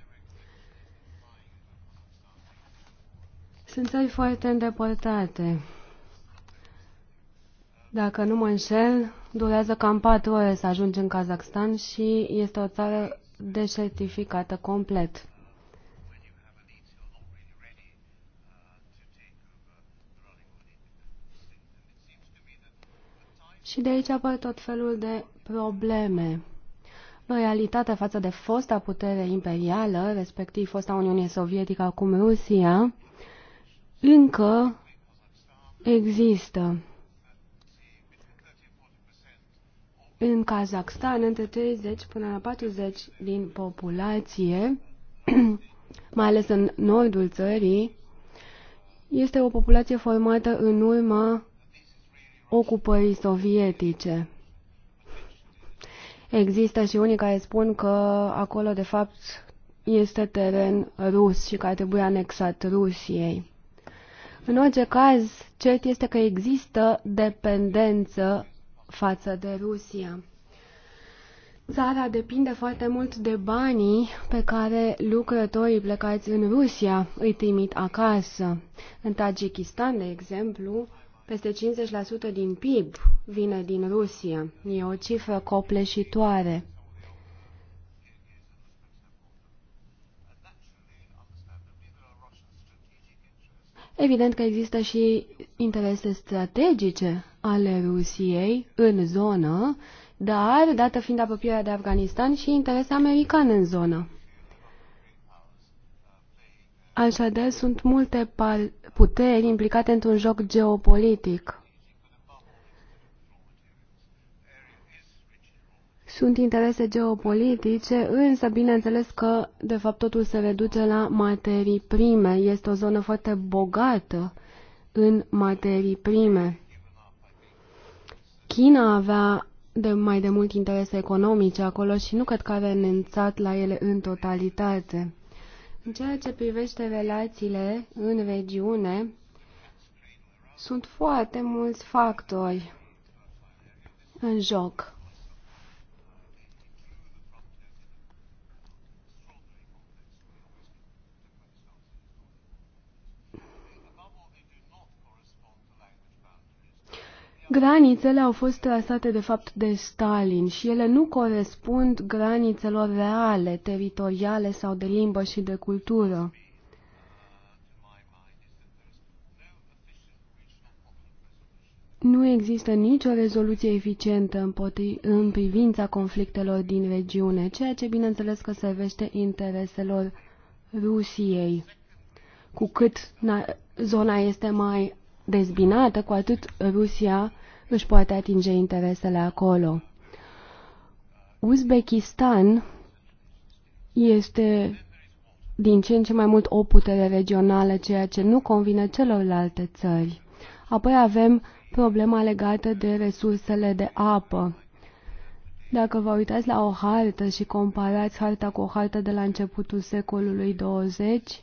Sunt țări foarte îndepărtate. Dacă nu mă înșel, durează cam patru ore să ajungi în Kazakhstan și este o țară deșertificată complet. Și de aici apar tot felul de probleme. Loialitatea față de fosta putere imperială, respectiv fosta Uniune Sovietică, acum Rusia, încă există. În Kazakhstan, între 30 până la 40 din populație, (clears throat) mai ales în nordul țării, este o populație formată în urma ocupării sovietice. Există și unii care spun că acolo, de fapt, este teren rus și care trebuie anexat Rusiei. În orice caz, cert este că există dependență față de Rusia. Țara depinde foarte mult de banii pe care lucrătorii plecați în Rusia îi trimit acasă. În Tajikistan, de exemplu, peste 50% din PIB vine din Rusia. E o cifră copleșitoare. Evident că există și interese strategice ale Rusiei în zonă, dar, dată fiind apropierea de Afganistan, și interese americane în zonă. Așadar, sunt multe puteri implicate într-un joc geopolitic. Sunt interese geopolitice, însă bineînțeles că de fapt totul se reduce la materii prime. Este o zonă foarte bogată în materii prime. China avea de mai de mult interese economice acolo și nu cred că a renunțat la ele în totalitate. În ceea ce privește relațiile în regiune, sunt foarte mulți factori în joc. Granițele au fost trasate de fapt de Stalin și ele nu corespund granițelor reale, teritoriale sau de limbă și de cultură. Nu există nicio rezoluție eficientă în, potri, în privința conflictelor din regiune, ceea ce bineînțeles că servește intereselor Rusiei. Cu cât zona este mai dezbinată, cu atât Rusia își poate atinge interesele acolo. Uzbekistan este din ce în ce mai mult o putere regională, ceea ce nu convine celorlalte țări. Apoi avem problema legată de resursele de apă. Dacă vă uitați la o hartă și comparați harta cu o hartă de la începutul secolului 20,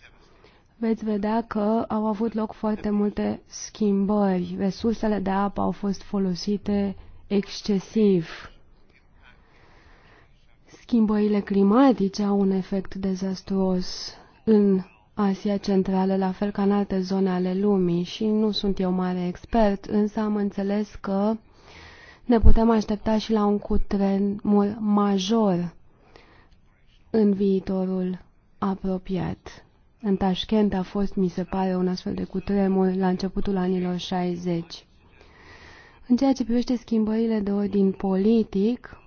veți vedea că au avut loc foarte multe schimbări. Resursele de apă au fost folosite excesiv. Schimbările climatice au un efect dezastruos în Asia Centrală, la fel ca în alte zone ale lumii și nu sunt eu mare expert, însă am înțeles că ne putem aștepta și la un cutremur major în viitorul apropiat în Tashkent a fost, mi se pare, un astfel de cutremur la începutul anilor 60. În ceea ce privește schimbările de ordin politic,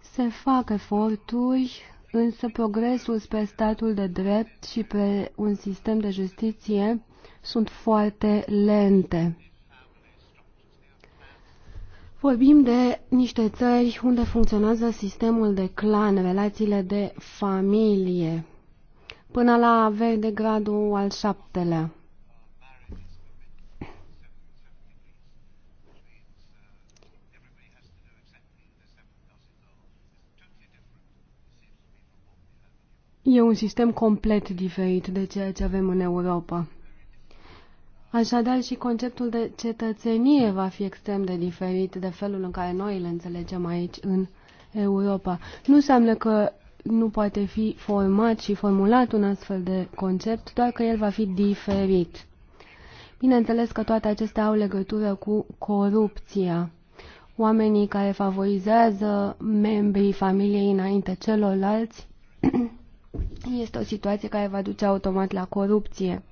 se fac eforturi, însă progresul spre statul de drept și pe un sistem de justiție sunt foarte lente. Vorbim de niște țări unde funcționează sistemul de clan, relațiile de familie până la a avea de gradul al șaptelea. E un sistem complet diferit de ceea ce avem în Europa. Așadar, și conceptul de cetățenie va fi extrem de diferit de felul în care noi îl înțelegem aici, în Europa. Nu înseamnă că nu poate fi format și formulat un astfel de concept, doar că el va fi diferit. Bineînțeles că toate acestea au legătură cu corupția. Oamenii care favorizează membrii familiei înainte celorlalți (clears throat) este o situație care va duce automat la corupție.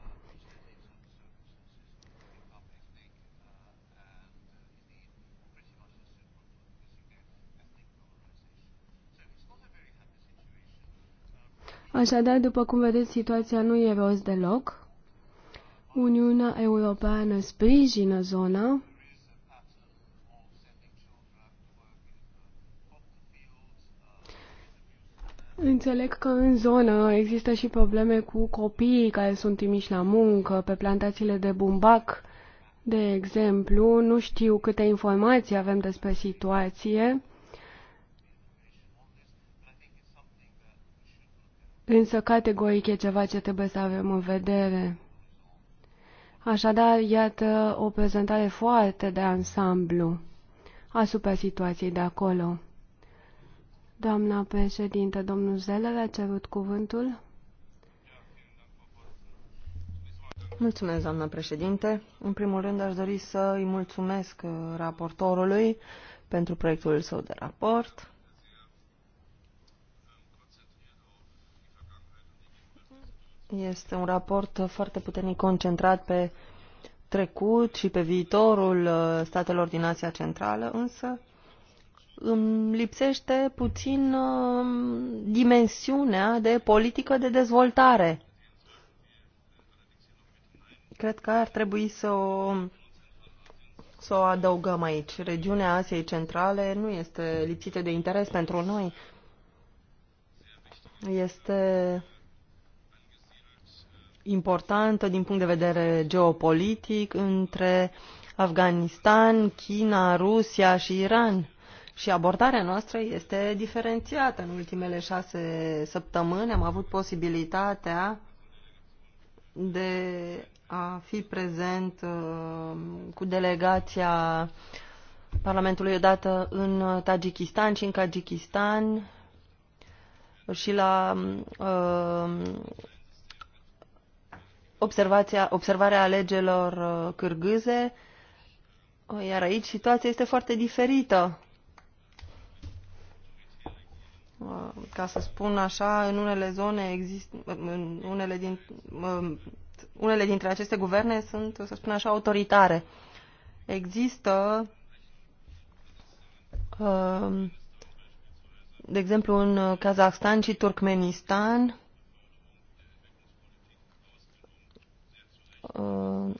Așadar, după cum vedeți, situația nu e roz deloc. Uniunea Europeană sprijină zona. Înțeleg că în zonă există și probleme cu copiii care sunt trimiși la muncă, pe plantațiile de bumbac, de exemplu. Nu știu câte informații avem despre situație. Însă categoric e ceva ce trebuie să avem în vedere. Așadar, iată o prezentare foarte de ansamblu asupra situației de acolo. Doamna președinte, domnul Zeller a cerut cuvântul. Mulțumesc, doamna președinte. În primul rând, aș dori să îi mulțumesc raportorului pentru proiectul său de raport. Este un raport foarte puternic concentrat pe trecut și pe viitorul uh, statelor din Asia Centrală, însă îmi lipsește puțin um, dimensiunea de politică de dezvoltare. Cred că ar trebui să o, să o adăugăm aici. Regiunea Asiei Centrale nu este lipsită de interes pentru noi. Este importantă din punct de vedere geopolitic între Afganistan, China, Rusia și Iran. Și abordarea noastră este diferențiată. În ultimele șase săptămâni am avut posibilitatea de a fi prezent uh, cu delegația Parlamentului odată în Tajikistan și în Kajikistan și la uh, observația, observarea alegerilor uh, cârgâze, iar aici situația este foarte diferită. Uh, ca să spun așa, în unele zone există, în unele, din, um, unele dintre aceste guverne sunt, să spun așa, autoritare. Există um, de exemplu, în Kazahstan și Turkmenistan,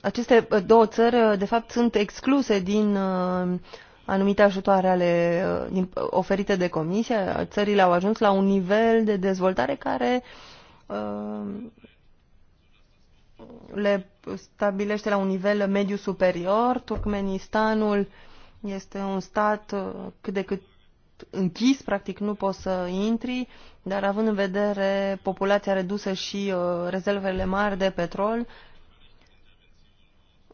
aceste uh, două țări, uh, de fapt, sunt excluse din uh, anumite ajutoare ale, din, oferite de comisie. Țările au ajuns la un nivel de dezvoltare care le stabilește la un nivel mediu superior. Turkmenistanul este un stat cât de cât închis, practic nu poți să intri, dar având în vedere populația redusă și uh, rezervele mari de petrol,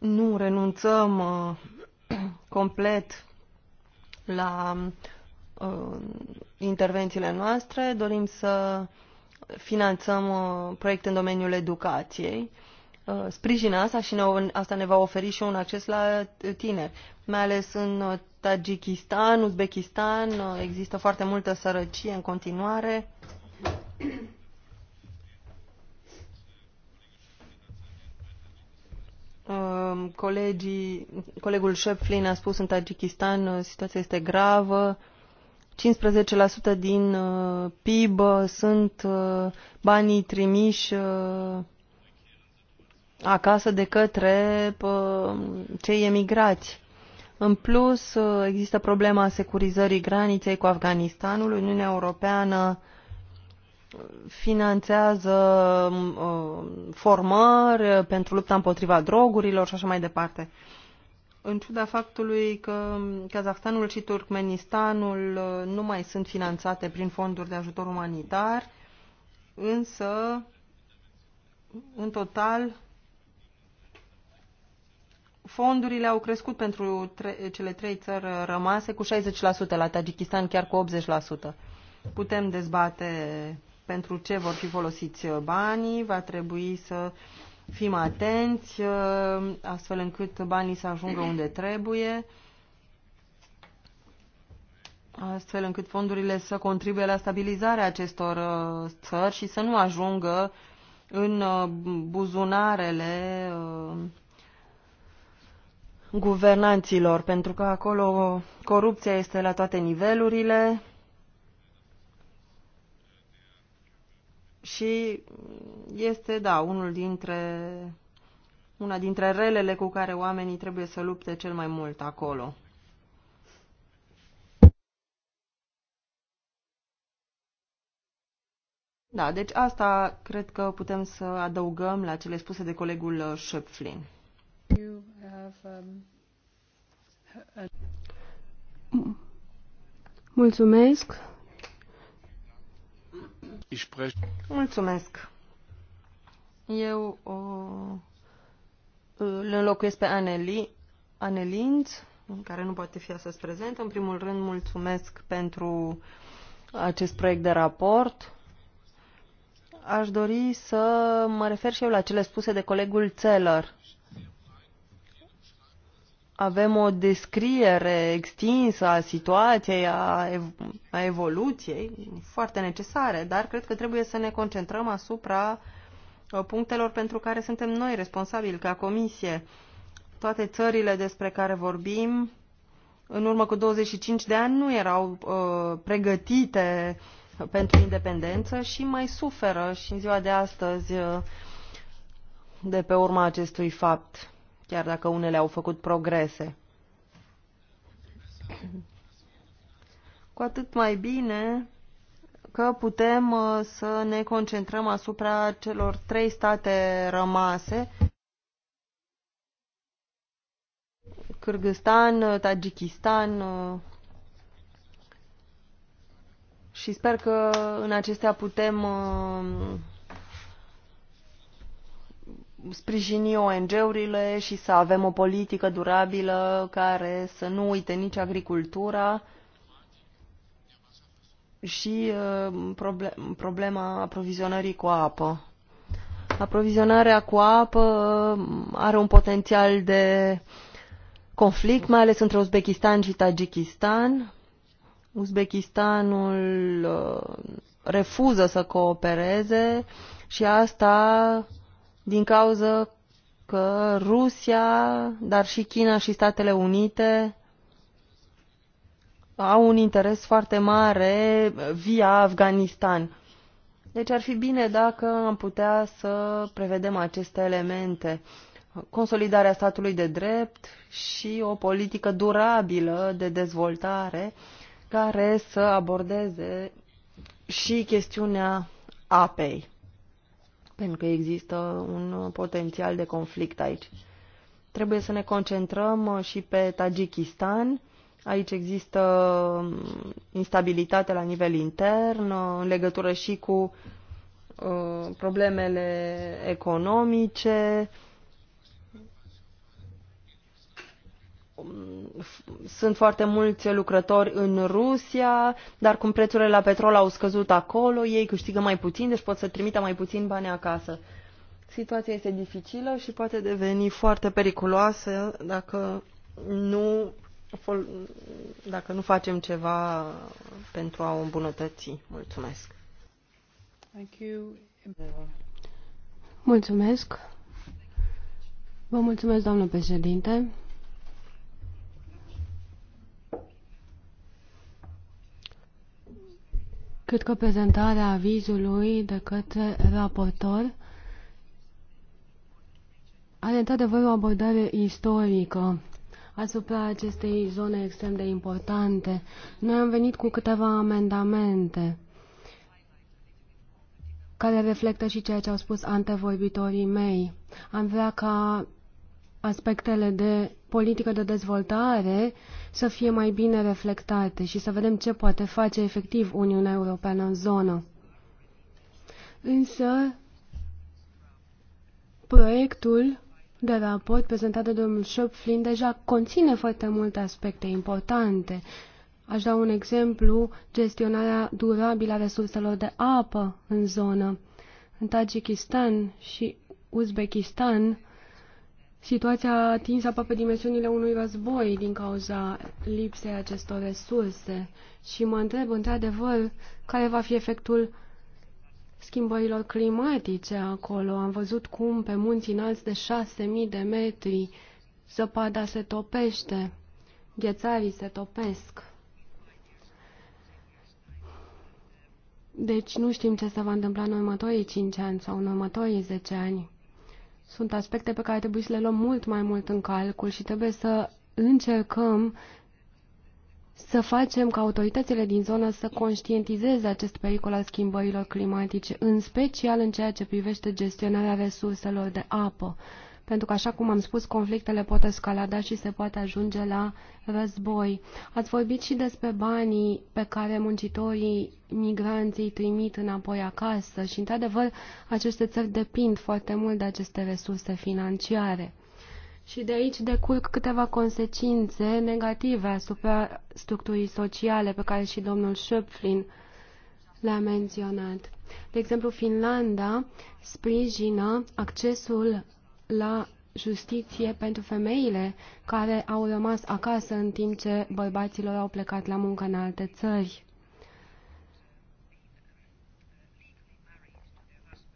nu renunțăm uh, (clears throat) complet la uh, intervențiile noastre, dorim să finanțăm uh, proiecte în domeniul educației. Uh, sprijină asta și ne, asta ne va oferi și un acces la tineri. Mai ales în uh, Tajikistan, Uzbekistan, uh, există foarte multă sărăcie în continuare. Um, colegii, colegul Flynn a spus în Tajikistan uh, situația este gravă, 15% din uh, PIB sunt uh, banii trimiși acasă de către cei emigrați. În plus, există problema securizării graniței cu Afganistanul. Uniunea Europeană uh, finanțează uh, formări pentru lupta împotriva drogurilor și așa mai departe. În ciuda faptului că Kazahstanul și Turkmenistanul uh, nu mai sunt finanțate prin fonduri de ajutor umanitar, însă, în total, fondurile au crescut pentru tre- cele trei țări rămase cu 60%, la Tajikistan chiar cu 80%. Putem dezbate pentru ce vor fi folosiți uh, banii, va trebui să fim atenți uh, astfel încât banii să ajungă unde trebuie, astfel încât fondurile să contribuie la stabilizarea acestor uh, țări și să nu ajungă în buzunarele guvernanților, pentru că acolo corupția este la toate nivelurile, Și este, da, unul dintre, una dintre relele cu care oamenii trebuie să lupte cel mai mult acolo. Da, deci asta cred că putem să adăugăm la cele spuse de colegul uh, Schöpflin. Um, mulțumesc. Mulțumesc. Eu o îl înlocuiesc pe Aneli, Anelind, care nu poate fi astăzi prezent. În primul rând, mulțumesc pentru acest proiect de raport. Aș dori să mă refer și eu la cele spuse de colegul Țelăr avem o descriere extinsă a situației, a, ev a evoluției, foarte necesare, dar cred că trebuie să ne concentrăm asupra uh, punctelor pentru care suntem noi responsabili ca comisie. Toate țările despre care vorbim în urmă cu 25 de ani nu erau uh, pregătite pentru independență și mai suferă și în ziua de astăzi uh, de pe urma acestui fapt chiar dacă unele au făcut progrese. Cu atât mai bine că putem uh, să ne concentrăm asupra celor trei state rămase, Kyrgyzstan, uh, Tajikistan uh, și sper că în acestea putem sprijini ONG-urile și să avem o politică durabilă care să nu uite nici agricultura și uh, problema aprovizionării cu apă. Aprovizionarea cu apă uh, are un potențial de conflict, mai ales între Uzbekistan și Tajikistan. Uzbekistanul uh, refuză să coopereze și asta din cauza că Rusia, dar și China și Statele Unite au un interes foarte mare via Afganistan. Deci ar fi bine dacă am putea să prevedem aceste elemente. Consolidarea statului de drept și o politică durabilă de dezvoltare care să abordeze și chestiunea apei pentru că există un potențial de conflict aici. Trebuie să ne concentrăm uh, și pe Tajikistan. Aici există um, instabilitate la nivel intern, uh, în legătură și cu uh, problemele economice, sunt foarte mulți lucrători în Rusia, dar cum prețurile la petrol au scăzut acolo, ei câștigă mai puțin, deci pot să trimită mai puțin bani acasă. Situația este dificilă și poate deveni foarte periculoasă dacă nu, dacă nu facem ceva pentru a o îmbunătăți. Mulțumesc. Thank you. Mulțumesc. Vă mulțumesc, doamnă președinte. cât că prezentarea avizului de către raportor are într-adevăr o abordare istorică asupra acestei zone extrem de importante. Noi am venit cu câteva amendamente care reflectă și ceea ce au spus antevorbitorii mei. Am vrea ca aspectele de politică de dezvoltare să fie mai bine reflectate și să vedem ce poate face efectiv Uniunea Europeană în zonă. Însă, proiectul de raport prezentat de domnul Schöpflin deja conține foarte multe aspecte importante. Aș da un exemplu, gestionarea durabilă a resurselor de apă în zonă. În Tajikistan și Uzbekistan Situația a atins aproape dimensiunile unui război din cauza lipsei acestor resurse și mă întreb, într-adevăr, care va fi efectul schimbărilor climatice acolo. Am văzut cum pe munți înalți de 6.000 de metri zăpada se topește, ghețarii se topesc. Deci nu știm ce se va întâmpla în următorii 5 ani sau în următorii 10 ani. Sunt aspecte pe care trebuie să le luăm mult mai mult în calcul și trebuie să încercăm să facem ca autoritățile din zonă să conștientizeze acest pericol al schimbărilor climatice, în special în ceea ce privește gestionarea resurselor de apă pentru că, așa cum am spus, conflictele pot escalada și se poate ajunge la război. Ați vorbit și despre banii pe care muncitorii migranții îi trimit înapoi acasă și, într-adevăr, aceste țări depind foarte mult de aceste resurse financiare. Și de aici decurg câteva consecințe negative asupra structurii sociale pe care și domnul Schöpflin le-a menționat. De exemplu, Finlanda sprijină accesul la justiție pentru femeile care au rămas acasă în timp ce bărbaților au plecat la muncă în alte țări.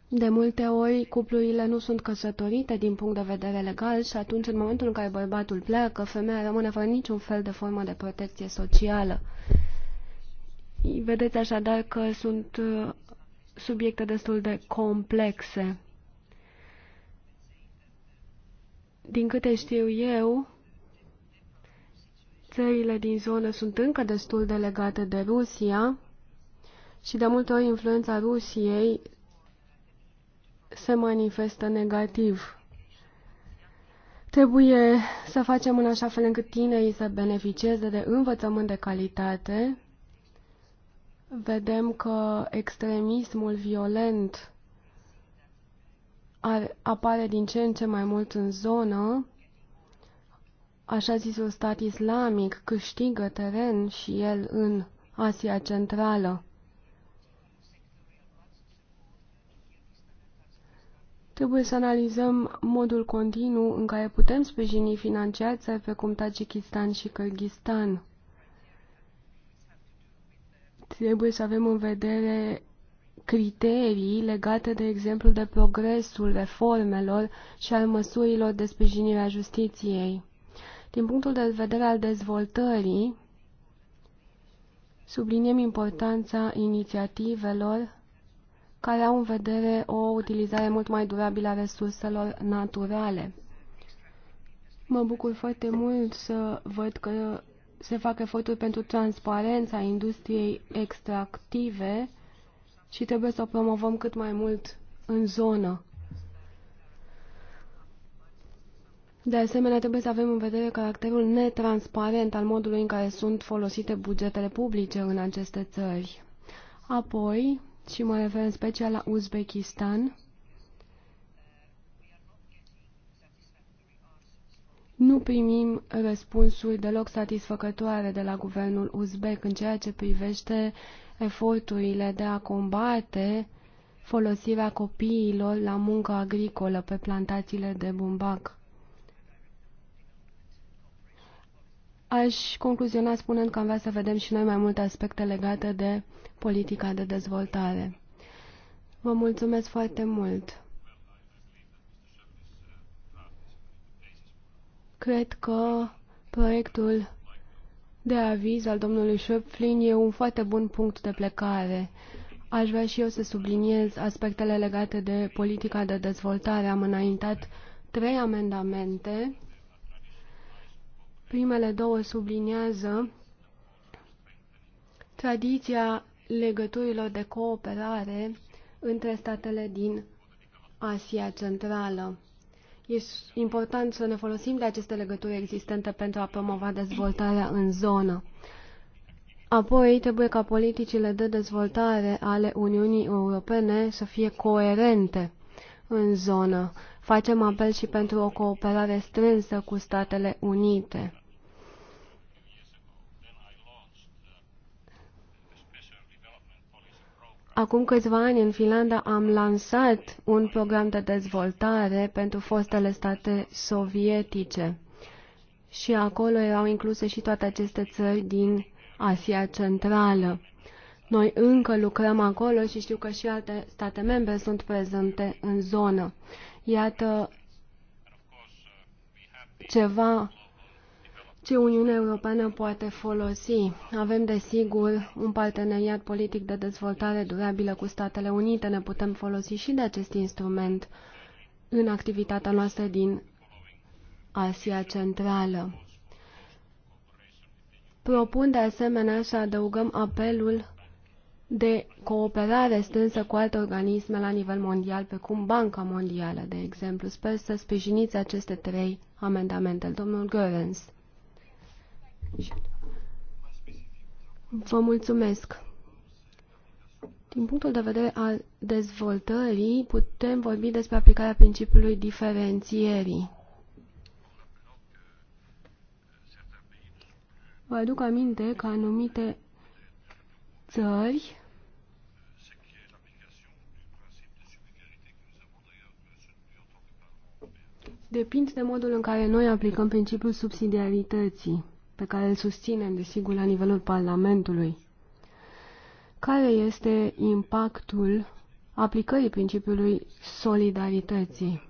De multe ori, cuplurile nu sunt căsătorite din punct de vedere legal și atunci, în momentul în care bărbatul pleacă, femeia rămâne fără niciun fel de formă de protecție socială. Vedeți așadar că sunt uh, subiecte destul de complexe. Din câte știu eu, țările din zonă sunt încă destul de legate de Rusia și de multe ori influența Rusiei se manifestă negativ. Trebuie să facem în așa fel încât tinerii să beneficieze de învățământ de calitate. Vedem că extremismul violent apare din ce în ce mai mult în zonă, așa zisul stat islamic câștigă teren și el în Asia Centrală. Trebuie să analizăm modul continuu în care putem sprijini financiar țări precum Tajikistan și Kyrgyzstan. Trebuie să avem în vedere criterii legate, de exemplu, de progresul reformelor și al măsurilor de sprijinire a justiției. Din punctul de vedere al dezvoltării, subliniem importanța inițiativelor care au în vedere o utilizare mult mai durabilă a resurselor naturale. Mă bucur foarte mult să văd că se fac eforturi pentru transparența industriei extractive și trebuie să o promovăm cât mai mult în zonă. De asemenea, trebuie să avem în vedere caracterul netransparent al modului în care sunt folosite bugetele publice în aceste țări. Apoi, și mă refer în special la Uzbekistan, nu primim răspunsuri deloc satisfăcătoare de la guvernul uzbek în ceea ce privește uh, eforturile de a combate folosirea copiilor la muncă agricolă pe plantațiile de bumbac. Aș concluziona spunând că am vrea să vedem și noi mai multe aspecte legate de politica de dezvoltare. Vă mulțumesc foarte mult! Cred că proiectul de aviz al domnului Schöpflin e un foarte bun punct de plecare. Aș vrea și eu să subliniez aspectele legate de politica de dezvoltare. Am înaintat trei amendamente. Primele două subliniază tradiția legăturilor de cooperare între statele din Asia Centrală. E important să ne folosim de aceste legături existente pentru a promova dezvoltarea în zonă. Apoi, trebuie ca politicile de dezvoltare ale Uniunii Europene să fie coerente în zonă. Facem apel și pentru o cooperare strânsă cu Statele Unite. Acum câțiva ani în Finlanda am lansat un program de dezvoltare pentru fostele state sovietice și acolo erau incluse și toate aceste țări din Asia Centrală. Noi încă lucrăm acolo și știu că și alte state membre sunt prezente în zonă. Iată ceva ce Uniunea Europeană poate folosi. Avem, desigur, un parteneriat politic de dezvoltare durabilă cu Statele Unite. Ne putem folosi și de acest instrument în activitatea noastră din Asia Centrală. Propun de asemenea să adăugăm apelul de cooperare strânsă cu alte organisme la nivel mondial, precum Banca Mondială, de exemplu. Sper să sprijiniți aceste trei amendamente. Domnul Görens. Vă mulțumesc. Din punctul de vedere al dezvoltării, putem vorbi despre aplicarea principiului diferențierii. Vă aduc aminte că anumite țări depind de modul în care noi aplicăm principiul subsidiarității pe care îl susținem, desigur, la nivelul Parlamentului. Care este impactul aplicării principiului solidarității?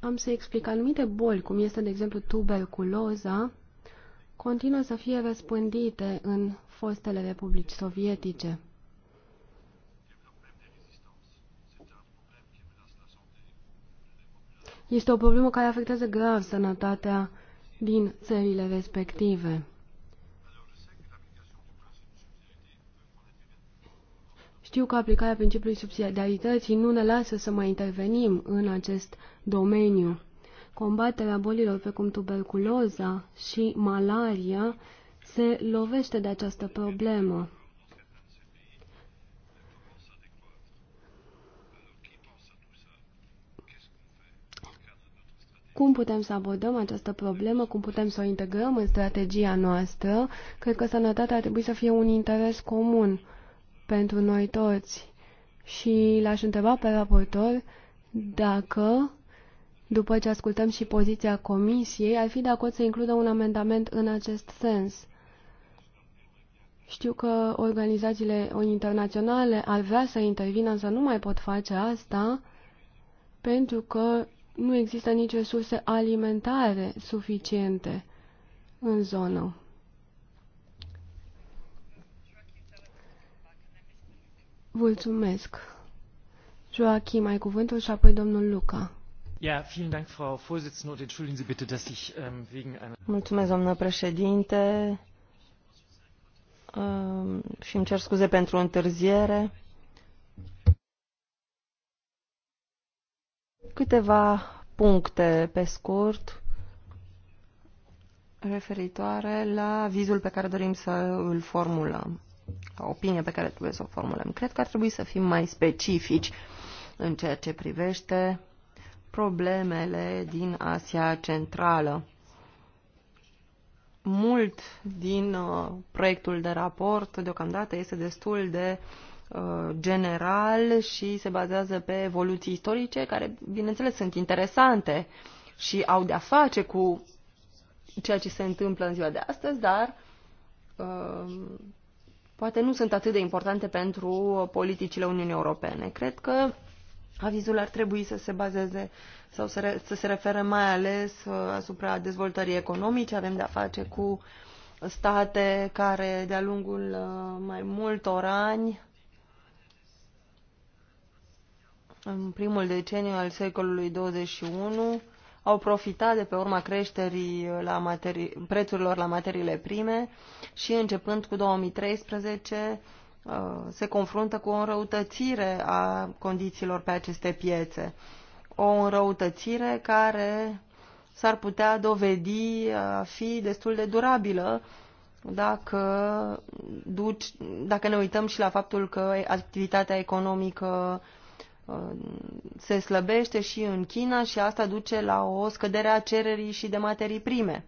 Am să explic anumite boli, cum este, de exemplu, tuberculoza, continuă să fie răspândite în fostele republici sovietice. Este o problemă care afectează grav sănătatea din țările respective. Știu că aplicarea principiului subsidiarității nu ne lasă să mai intervenim în acest domeniu. Combaterea bolilor precum tuberculoza și malaria se lovește de această problemă. cum putem să abordăm această problemă, cum putem să o integrăm în strategia noastră. Cred că sănătatea ar trebui să fie un interes comun pentru noi toți. Și l-aș întreba pe raportor dacă, după ce ascultăm și poziția comisiei, ar fi de acord să includă un amendament în acest sens. Știu că organizațiile internaționale ar vrea să intervină, însă nu mai pot face asta pentru că nu există nici resurse alimentare suficiente în zonă. Mulțumesc. Joachim, ai cuvântul și apoi domnul Luca. Ja, vielen Dank, Frau Vorsitzende, und entschuldigen Sie bitte, dass ich ähm, wegen einer... Mulțumesc, doamnă președinte, um, și îmi cer scuze pentru întârziere. Câteva puncte pe scurt referitoare la vizul pe care dorim să îl formulăm, la opinia pe care trebuie să o formulăm. Cred că ar trebui să fim mai specifici în ceea ce privește problemele din Asia Centrală. Mult din uh, proiectul de raport deocamdată este destul de uh, Uh, general și se bazează pe evoluții istorice care, bineînțeles, sunt interesante și au de-a face cu ceea ce se întâmplă în ziua de astăzi, dar uh, poate nu sunt atât de importante pentru politicile Uniunii Europene. Cred că avizul ar trebui să se bazeze sau să, re, să se refere mai ales uh, asupra dezvoltării economice. Avem de-a face cu state care de-a lungul mai multor ani în primul deceniu al secolului 21 au profitat de pe urma creșterii la materii, prețurilor la materiile prime și începând cu 2013 uh, se confruntă cu o înrăutățire a condițiilor pe aceste piețe. O înrăutățire care s-ar putea dovedi a fi destul de durabilă dacă, duci, dacă ne uităm și la faptul că activitatea economică uh, se slăbește și în China și asta duce la o scădere a cererii și de materii prime.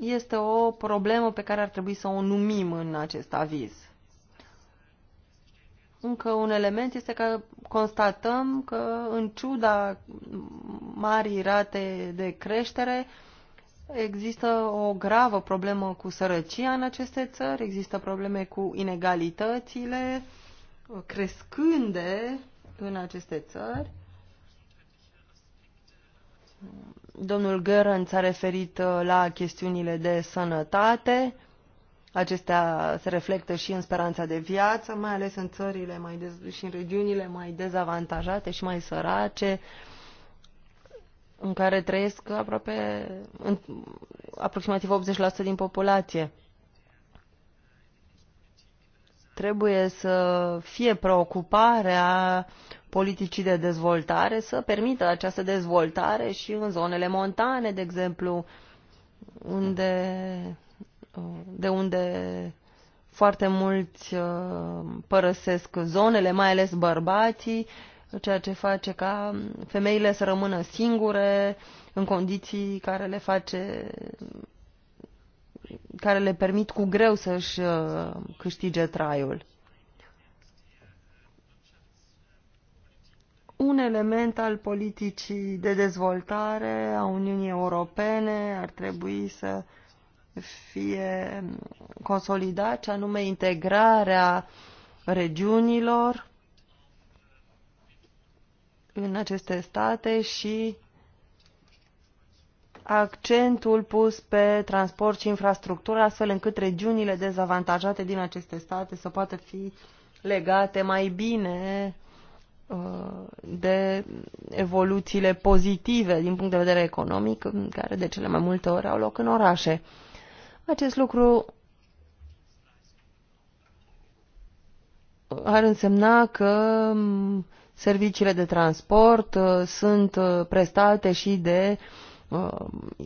Este o problemă pe care ar trebui să o numim în acest aviz. Încă un element este că constatăm că, în ciuda marii rate de creștere, există o gravă problemă cu sărăcia în aceste țări, există probleme cu inegalitățile, crescânde în aceste țări. Domnul Gărăn s-a referit uh, la chestiunile de sănătate. Acestea se reflectă și în speranța de viață, mai ales în țările mai dez- și în regiunile mai dezavantajate și mai sărace, în care trăiesc aproape, în, aproximativ 80% din populație trebuie să fie preocuparea politicii de dezvoltare să permită această dezvoltare și în zonele montane, de exemplu, unde, de unde foarte mulți uh, părăsesc zonele, mai ales bărbații, ceea ce face ca femeile să rămână singure în condiții care le face care le permit cu greu să-și uh, câștige traiul. Un element al politicii de dezvoltare a Uniunii Europene ar trebui să fie consolidat, și anume integrarea regiunilor în aceste state și accentul pus pe transport și infrastructură, astfel încât regiunile dezavantajate din aceste state să poată fi legate mai bine uh, de evoluțiile pozitive din punct de vedere economic, care de cele mai multe ori au loc în orașe. Acest lucru ar însemna că serviciile de transport uh, sunt uh, prestate și de uh, uh,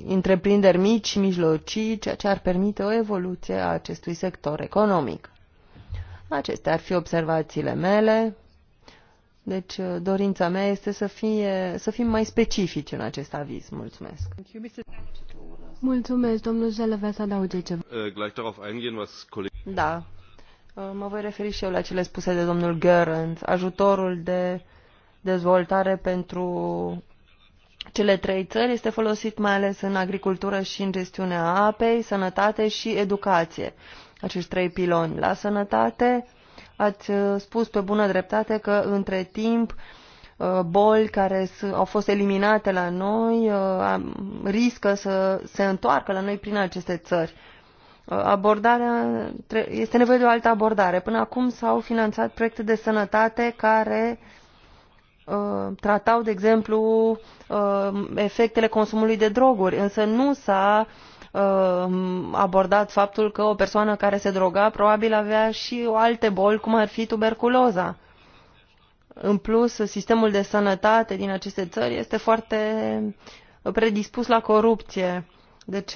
întreprinderi mici și mijlocii, ceea ce ar permite o evoluție a acestui sector economic. Acestea ar fi observațiile mele. Deci uh, dorința mea este să, fie, să fim mai specifici în acest aviz. Mulțumesc. Mulțumesc, domnul Zeleve, să adauge ceva. Uh, da. Uh, mă voi referi și eu la cele spuse de domnul Gerrans. Ajutorul de dezvoltare pentru cele trei țări este folosit mai ales în agricultură și în gestiunea apei, sănătate și educație. Acești trei piloni. La sănătate ați uh, spus pe bună dreptate că între timp uh, boli care au fost eliminate la noi uh, riscă să se întoarcă la noi prin aceste țări. Abordarea, este nevoie de o altă abordare. Până acum s-au finanțat proiecte de sănătate care uh, Uh, tratau, de exemplu, uh, efectele consumului de droguri, însă nu s-a uh, abordat faptul că o persoană care se droga probabil avea și alte boli, cum ar fi tuberculoza. În plus, sistemul de sănătate din aceste țări este foarte predispus la corupție. Deci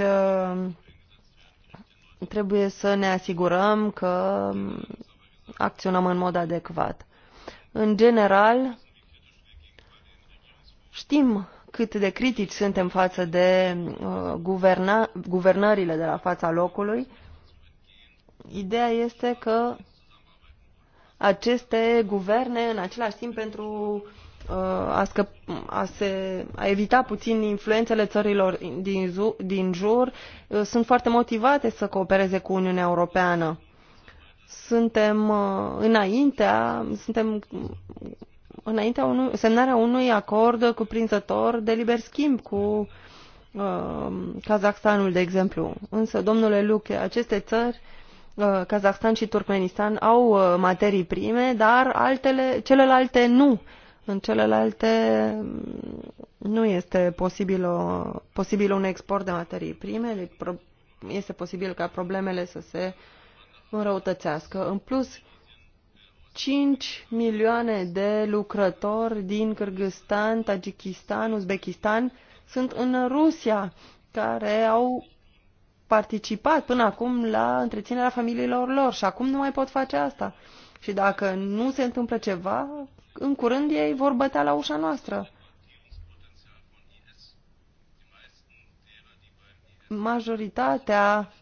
trebuie să ne asigurăm că acționăm în mod adecvat. În general, Știm cât de critici suntem față de uh, guverna, guvernările de la fața locului. Ideea este că aceste guverne, în același timp, pentru uh, a, scăp, a, se, a evita puțin influențele țărilor din, din jur, uh, sunt foarte motivate să coopereze cu Uniunea Europeană. Suntem uh, înaintea, suntem înaintea unui, semnarea unui acord cuprinzător de liber schimb cu uh, Kazakhstanul, de exemplu. Însă, domnule Luche, aceste țări, uh, Kazakhstan și Turkmenistan, au uh, materii prime, dar altele, celelalte nu. În celelalte mm, nu este posibil, o, uh, posibil un export de materii prime, este posibil ca problemele să se înrăutățească. În plus, 5 milioane de lucrători din Kyrgyzstan, Tajikistan, Uzbekistan sunt în Rusia, care au participat până acum la întreținerea familiilor lor și acum nu mai pot face asta. Și dacă nu se întâmplă ceva, în curând ei vor bătea la ușa noastră. Majoritatea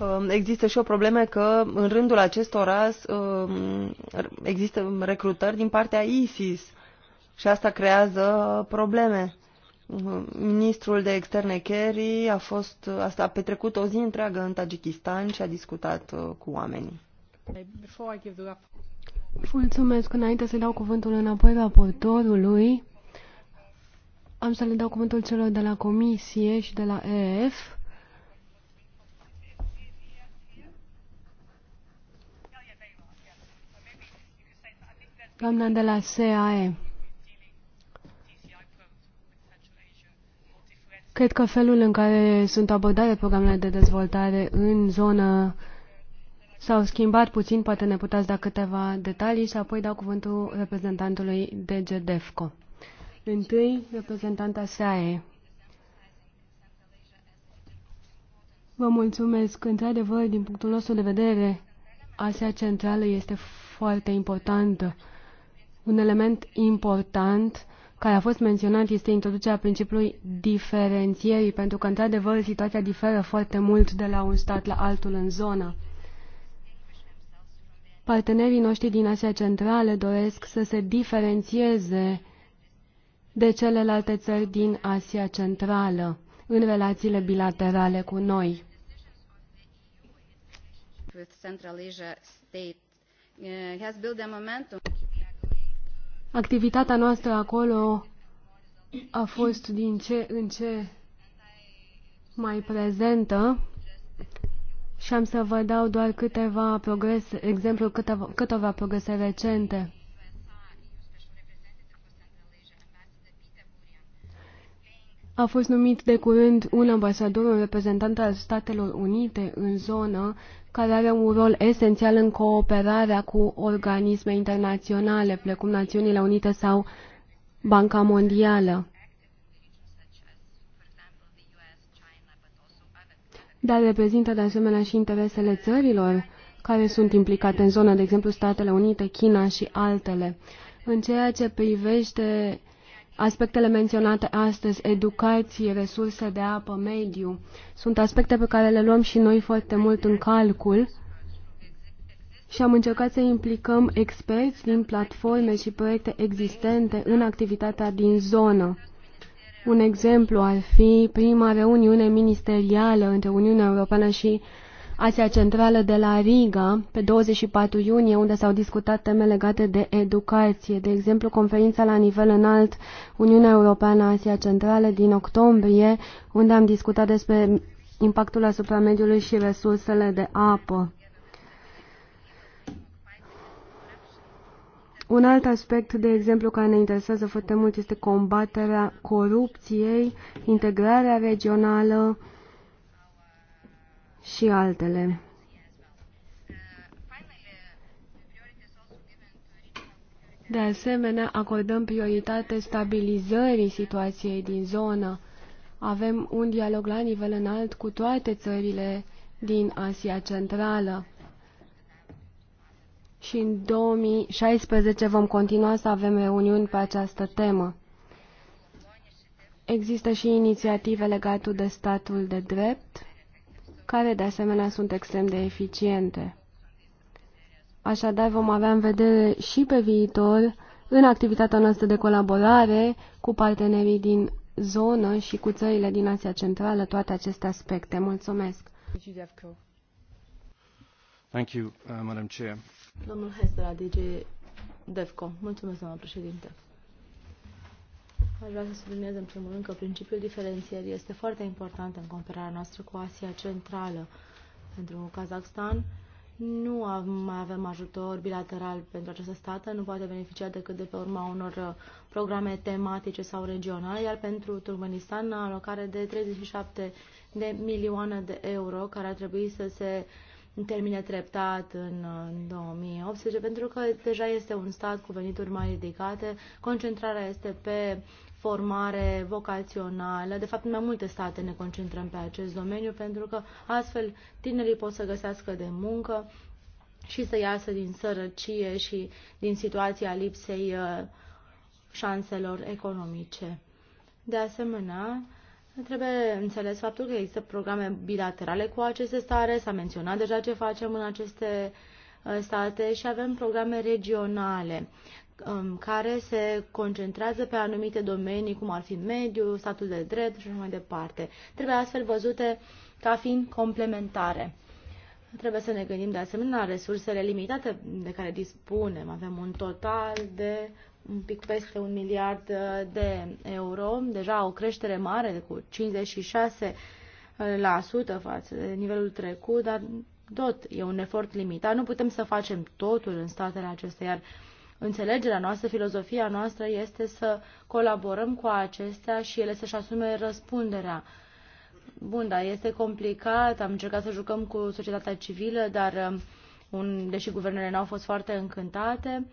Um, există și o problemă că în rândul acestora um, există recrutări din partea ISIS și asta creează probleme. Um, ministrul de externe Kerry a, fost, asta a petrecut o zi întreagă în Tajikistan și a discutat uh, cu oamenii. Mulțumesc. Înainte să dau cuvântul înapoi raportorului, am să le dau cuvântul celor de la Comisie și de la EF. Doamna de la SAE. Cred că felul în care sunt abordate programele de dezvoltare în zonă s-au schimbat puțin, poate ne puteți da câteva detalii și apoi dau cuvântul reprezentantului DGDEFCO. Întâi, reprezentanta SAE. Vă mulțumesc. Într-adevăr, din punctul nostru de vedere, Asia Centrală este foarte importantă un element important care a fost menționat este introducerea principiului diferențierii, pentru că, într-adevăr, situația diferă foarte mult de la un stat la altul în zonă. Partenerii noștri din Asia Centrală doresc să se diferențieze de celelalte țări din Asia Centrală în relațiile bilaterale cu noi. Activitatea noastră acolo a fost din ce în ce mai prezentă și am să vă dau doar câteva progrese, exemplu câteva, câteva progrese recente. A fost numit de curând un ambasador, un reprezentant al Statelor Unite în zonă care are un rol esențial în cooperarea cu organisme internaționale, precum Națiunile Unite sau Banca Mondială. Dar reprezintă de asemenea și interesele țărilor care sunt implicate în zonă, de exemplu Statele Unite, China și altele. În ceea ce privește Aspectele menționate astăzi, educație, resurse de apă, mediu, sunt aspecte pe care le luăm și noi foarte mult în calcul și am încercat să implicăm experți din platforme și proiecte existente în activitatea din zonă. Un exemplu ar fi prima reuniune ministerială între Uniunea Europeană și Asia Centrală de la Riga pe 24 iunie, unde s-au discutat teme legate de educație, de exemplu conferința la nivel înalt Uniunea Europeană-Asia Centrală din octombrie, unde am discutat despre impactul asupra mediului și resursele de apă. Un alt aspect, de exemplu, care ne interesează foarte mult este combaterea corupției, integrarea regională, și altele. De asemenea, acordăm prioritate stabilizării situației din zonă. Avem un dialog la nivel înalt cu toate țările din Asia Centrală. Și în 2016 vom continua să avem reuniuni pe această temă. Există și inițiative legate de statul de drept care de asemenea sunt extrem de eficiente. Așadar, vom avea în vedere și pe viitor, în activitatea noastră de colaborare cu partenerii din zonă și cu țările din Asia Centrală, toate aceste aspecte. Mulțumesc! Thank you, uh, Madam Chair. Domnul Hester, DG DEFCO. Mulțumesc, doamna președinte. Aș vrea să subliniez în primul rând că principiul diferențierii este foarte important în compararea noastră cu Asia Centrală. Pentru Kazakhstan nu mai avem ajutor bilateral pentru această stată, nu poate beneficia decât de pe urma unor uh, programe tematice sau regionale, iar pentru Turkmenistan alocare de 37 de milioane de euro care ar trebui să se termine treptat în 2018, uh, pentru că deja este un stat cu venituri mai ridicate, concentrarea este pe formare vocațională. De fapt, în mai multe state ne concentrăm pe acest domeniu pentru că astfel tinerii pot să găsească de muncă și să iasă din sărăcie și din situația lipsei uh, șanselor economice. De asemenea, Trebuie înțeles faptul că există programe bilaterale cu aceste stare, s-a menționat deja ce facem în aceste uh, state și avem programe regionale. Um, care se concentrează pe anumite domenii, cum ar fi mediu, statul de drept și așa mai departe. Trebuie astfel văzute ca fiind complementare. Trebuie să ne gândim de asemenea la resursele limitate de care dispunem. Avem un total de un pic peste un miliard uh, de euro, deja o creștere mare cu 56% față de nivelul trecut, dar tot e un efort limitat. Nu putem să facem totul în statele acestea, iar înțelegerea noastră, filozofia noastră este să colaborăm cu acestea și ele să-și asume răspunderea. Bun, dar este complicat, am încercat să jucăm cu societatea civilă, dar um, un, deși guvernele n-au fost foarte încântate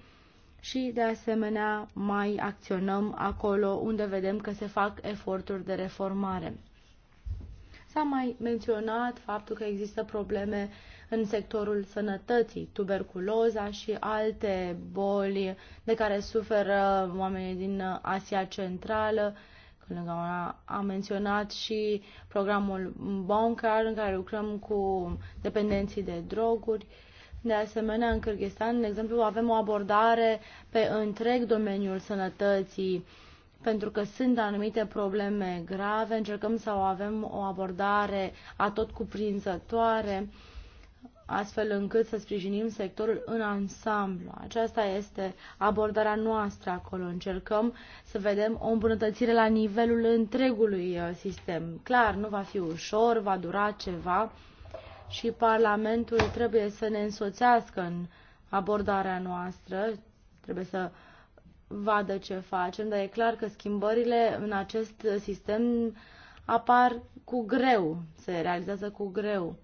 și, de asemenea, mai acționăm acolo unde vedem că se fac eforturi de reformare. S-a mai menționat faptul că există probleme uh, în sectorul sănătății, tuberculoza și alte boli de care suferă oamenii din Asia Centrală. Lângă am menționat și programul Boncar, în care lucrăm cu dependenții de droguri. De asemenea, în Kyrgyzstan, de exemplu, avem o abordare pe întreg domeniul sănătății, pentru că sunt anumite probleme grave, încercăm să avem o abordare a tot cuprinzătoare astfel încât să sprijinim sectorul în ansamblu. Aceasta este abordarea noastră acolo. Încercăm să vedem o îmbunătățire la nivelul întregului uh, sistem. Clar, nu va fi ușor, va dura ceva și Parlamentul trebuie să ne însoțească în abordarea noastră, trebuie să vadă ce facem, dar e clar că schimbările în acest sistem apar cu greu, se realizează cu greu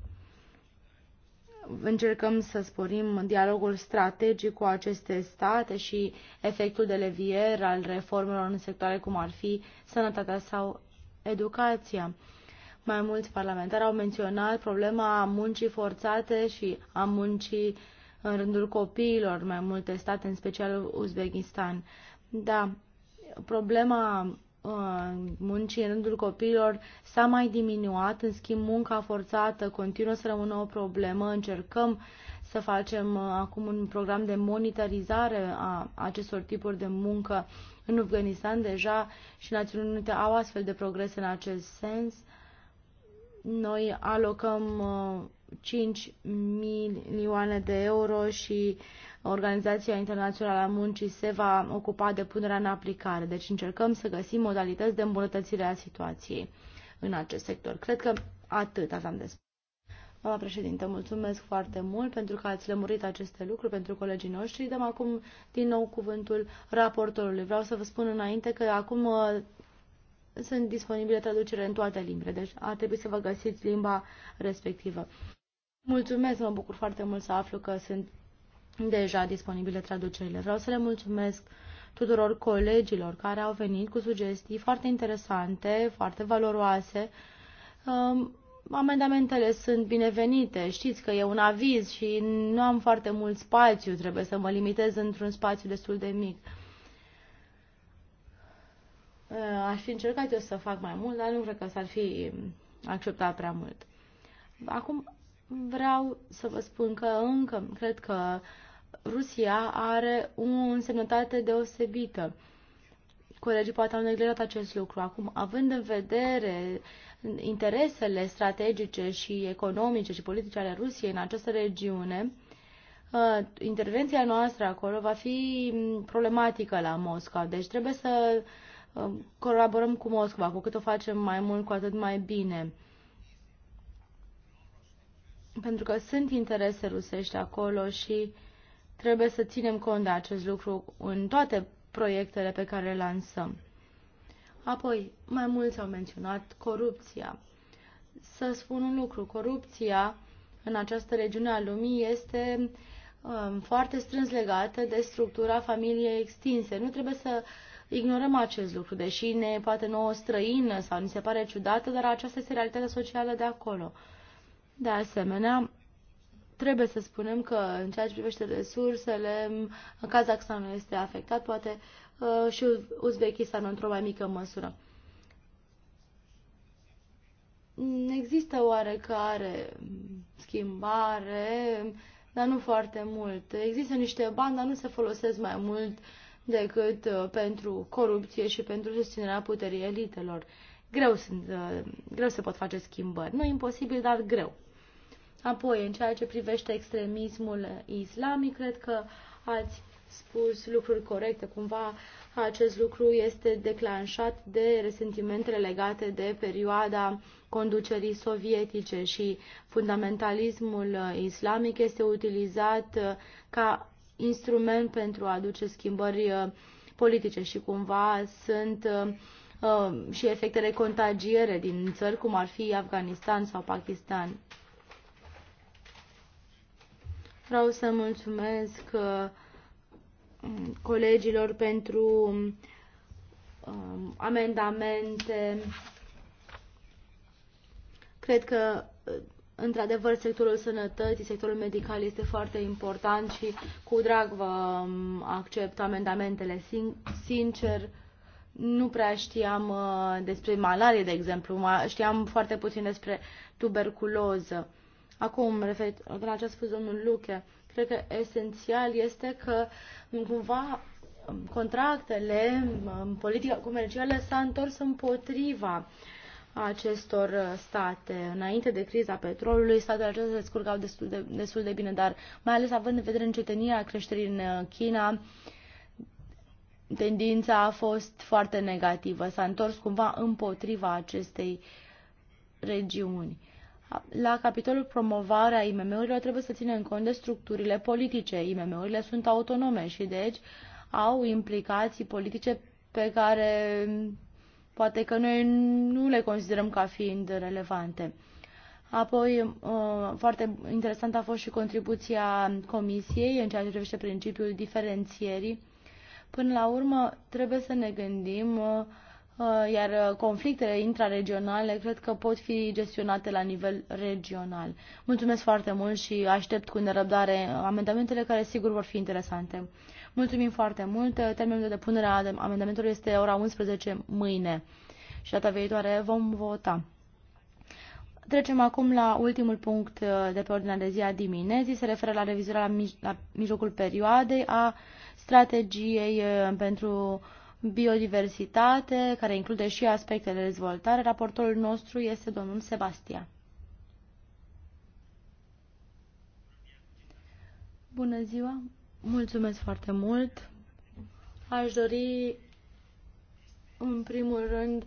încercăm să sporim dialogul strategic cu aceste state și efectul de levier al reformelor în sectoare cum ar fi sănătatea sau educația. Mai mulți parlamentari au menționat problema muncii forțate și a muncii în rândul copiilor, mai multe state, în special Uzbekistan. Da, problema Uh, muncii în rândul copiilor s-a mai diminuat, în schimb munca forțată continuă să rămână o problemă. Încercăm să facem uh, acum un program de monitorizare a acestor tipuri de muncă în Afganistan. Deja și Națiunile Unite au astfel de progrese în acest sens. Noi alocăm 5 uh, milioane de euro și Organizația Internațională a Muncii se va ocupa de punerea în aplicare. Deci încercăm să găsim modalități de îmbunătățire a situației în acest sector. Cred că atât am de spus. Doamna președinte, mulțumesc foarte mult pentru că ați lămurit aceste lucruri pentru colegii noștri. Dăm acum din nou cuvântul raportorului. Vreau să vă spun înainte că acum uh, sunt disponibile traducere în toate limbile, deci ar trebui să vă găsiți limba respectivă. Mulțumesc, mă bucur foarte mult să aflu că sunt deja disponibile traducerile. Vreau să le mulțumesc tuturor colegilor care au venit cu sugestii foarte interesante, foarte valoroase. Um, amendamentele sunt binevenite. Știți că e un aviz și nu am foarte mult spațiu, trebuie să mă limitez într-un spațiu destul de mic. Uh, aș fi încercat eu să fac mai mult, dar nu cred că s-ar fi um, acceptat prea mult. Acum vreau să vă spun că încă cred că Rusia are o însemnătate deosebită. Colegii poate au neglijat acest lucru. Acum, având în vedere interesele strategice și economice și politice ale Rusiei în această regiune, ă, intervenția noastră acolo va fi problematică la Moscova. Deci trebuie să ă, colaborăm cu Moscova. Cu cât o facem mai mult, cu atât mai bine. Pentru că sunt interese rusești acolo și uh, Trebuie să ținem cont de acest lucru în toate proiectele pe care le lansăm. Apoi, mai mulți au menționat corupția. Să spun un lucru, corupția în această regiune a lumii este um, foarte strâns legată de structura familiei extinse. Nu trebuie să ignorăm acest lucru, deși ne poate nouă străină sau ni se pare ciudată, dar aceasta este realitatea socială de acolo. De asemenea, trebuie să spunem că în ceea ce privește resursele, Kazakhstanul este afectat, poate uh, și Uzbekistanul într-o mai mică măsură. Există oarecare schimbare, dar nu foarte mult. Există niște bani, dar nu se folosesc mai mult decât uh, pentru corupție și pentru susținerea puterii elitelor. Greu, sunt, uh, greu se pot face schimbări. Nu imposibil, dar greu. Apoi, în ceea ce privește extremismul islamic, cred că ați spus lucruri corecte. Cumva acest lucru este declanșat de resentimentele legate de perioada conducerii sovietice și fundamentalismul islamic este utilizat ca instrument pentru a aduce schimbări uh, politice și cumva sunt uh, și efectele contagiere din țări cum ar fi Afganistan sau Pakistan. Vreau să mulțumesc uh, colegilor pentru um, amendamente. Cred că uh, într-adevăr, sectorul sănătății, sectorul medical este foarte important și cu drag vă um, accept amendamentele. Sin sincer, nu prea știam uh, despre malarie, de exemplu, știam foarte puțin despre tuberculoză. Acum, referitor la ce a spus domnul Luche, cred că esențial este că cumva contractele, politica comercială s-a întors împotriva acestor state. Înainte de criza petrolului, statele acestea se scurgau destul de, destul de bine, dar mai ales având în vedere încetenirea creșterii în uh, China, tendința a fost foarte negativă. S-a întors cumva împotriva acestei regiuni. La capitolul promovarea IMM-urilor trebuie să ținem cont de structurile politice. IMM-urile sunt autonome și deci au implicații politice pe care poate că noi nu le considerăm ca fiind relevante. Apoi, uh, foarte interesant a fost și contribuția Comisiei în ceea ce privește principiul diferențierii. Până la urmă, trebuie să ne gândim uh, Uh, iar uh, conflictele intraregionale cred că pot fi gestionate la nivel regional. Mulțumesc foarte mult și aștept cu nerăbdare amendamentele care sigur vor fi interesante. Mulțumim foarte mult. Termenul de depunere a amendamentului este ora 11 mâine și data viitoare vom vota. Trecem acum la ultimul punct uh, de pe ordinea de zi a dimineții. Se referă la revizuirea la, mij- la mijlocul perioadei a strategiei pentru uh, biodiversitate, care include și aspectele de dezvoltare. Raportorul nostru este domnul Sebastian. Bună ziua! Mulțumesc foarte mult! Aș dori, în primul rând,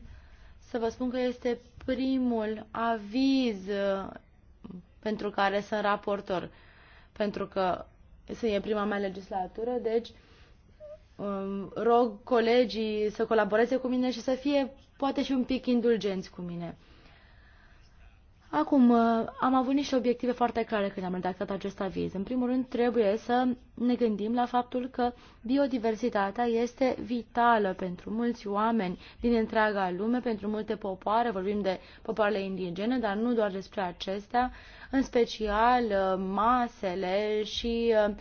să vă spun că este primul aviz uh, pentru care sunt raportor, pentru că e prima mea legislatură, deci Um, rog colegii să colaboreze cu mine și să fie poate și un pic indulgenți cu mine. Acum, uh, am avut niște obiective foarte clare când am redactat acest aviz. În primul rând, trebuie să ne gândim la faptul că biodiversitatea este vitală pentru mulți oameni din întreaga lume, pentru multe popoare, vorbim de popoarele indigene, dar nu doar despre acestea, în special uh, masele și uh,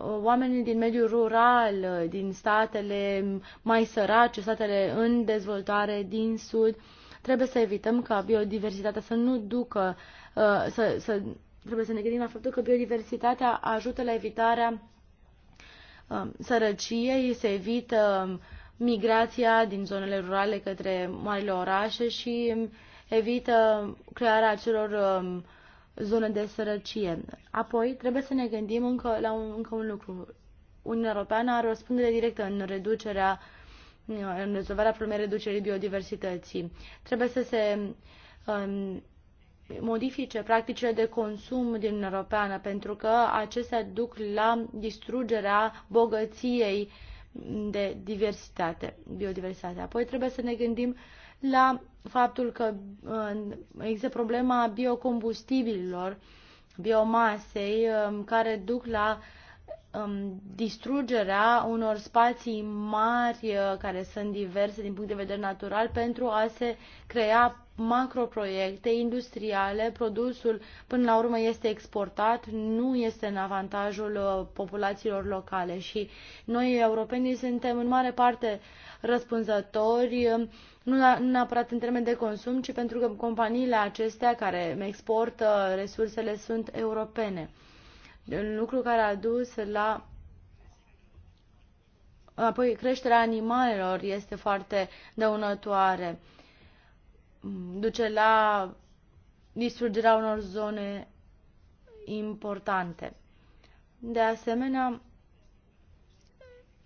oamenii din mediul rural, din statele mai sărace, statele în dezvoltare din sud, trebuie să evităm ca biodiversitatea să nu ducă, uh, să, să, trebuie să ne gândim la faptul că biodiversitatea ajută la evitarea um, sărăciei, se evită um, migrația din zonele rurale către marile orașe și um, evită crearea acelor zone de sărăcie. Apoi, trebuie să ne gândim încă la un, încă un lucru. Uniunea Europeană are o răspundere directă în reducerea, în rezolvarea problemei reducerii biodiversității. Trebuie să se um, modifice practicile de consum din Uniunea Europeană, pentru că acestea duc la distrugerea bogăției de diversitate, biodiversitate. Apoi trebuie să ne gândim uh, la faptul că uh, există problema biocombustibililor, biomasei, um, care duc la um, distrugerea unor spații mari uh, care sunt diverse din punct de vedere natural pentru a se crea macroproiecte industriale, produsul până la urmă este exportat, nu este în avantajul uh, populațiilor locale și noi europenii suntem în mare parte răspunzători um, nu neapărat în termen de consum, ci pentru că companiile acestea care exportă resursele sunt europene. Lucru care a dus la Apoi, creșterea animalelor este foarte dăunătoare. Duce la distrugerea unor zone importante. De asemenea,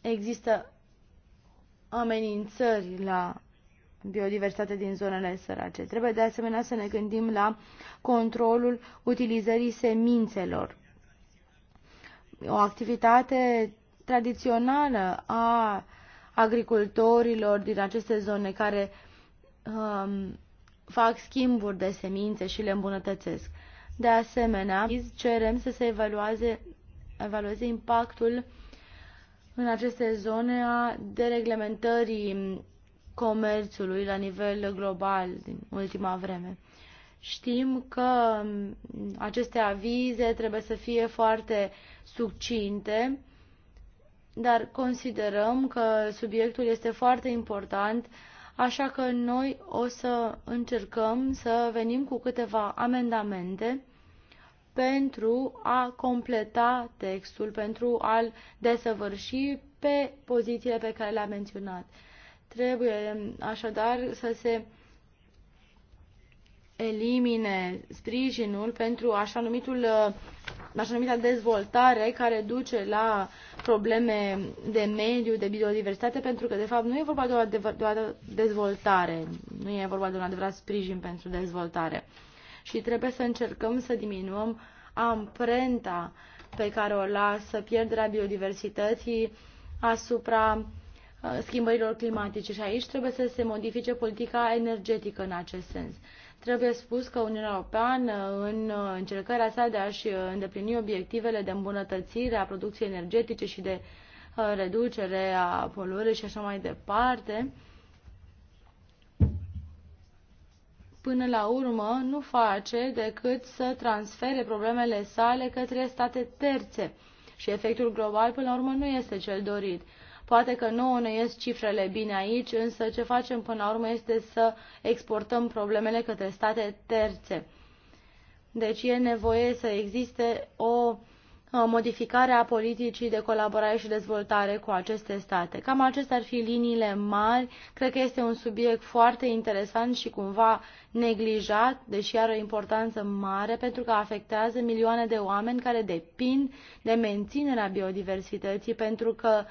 există amenințări la biodiversitate din zonele sărace. Trebuie de asemenea să ne gândim la controlul utilizării semințelor. O activitate tradițională a agricultorilor din aceste zone care um, fac schimburi de semințe și le îmbunătățesc. De asemenea, cerem să se evalueze, evalueze impactul în aceste zone a dereglementării comerțului la nivel global din ultima vreme. Știm că aceste avize trebuie să fie foarte succinte, dar considerăm că subiectul este foarte important, așa că noi o să încercăm să venim cu câteva amendamente pentru a completa textul, pentru a-l desăvârși pe pozițiile pe care le-am menționat. Trebuie așadar să se elimine sprijinul pentru așa, numitul, uh, așa numita dezvoltare care duce la probleme de mediu, de biodiversitate, pentru că, de fapt, nu e vorba de o adevărată dezvoltare, nu e vorba de un adevărat sprijin pentru dezvoltare. Și trebuie să încercăm să diminuăm amprenta pe care o lasă pierderea biodiversității asupra Uh, schimbărilor climatice și aici trebuie să se modifice politica energetică în acest sens. Trebuie spus că Uniunea Europeană, în uh, încercarea sa de a-și uh, îndeplini obiectivele de îmbunătățire a producției energetice și de reducere a poluării și așa mai departe, până la urmă nu face decât să transfere problemele sale către state terțe și efectul global până la urmă nu este cel dorit. Poate că nouă ne ies cifrele bine aici, însă ce facem până la urmă este să exportăm problemele către state terțe. Deci e nevoie să existe o modificare a politicii de colaborare și dezvoltare cu aceste state. Cam acestea ar fi liniile mari. Cred că este un subiect foarte interesant și cumva neglijat, deși are o importanță mare, pentru că afectează milioane de oameni care depind de menținerea biodiversității, pentru că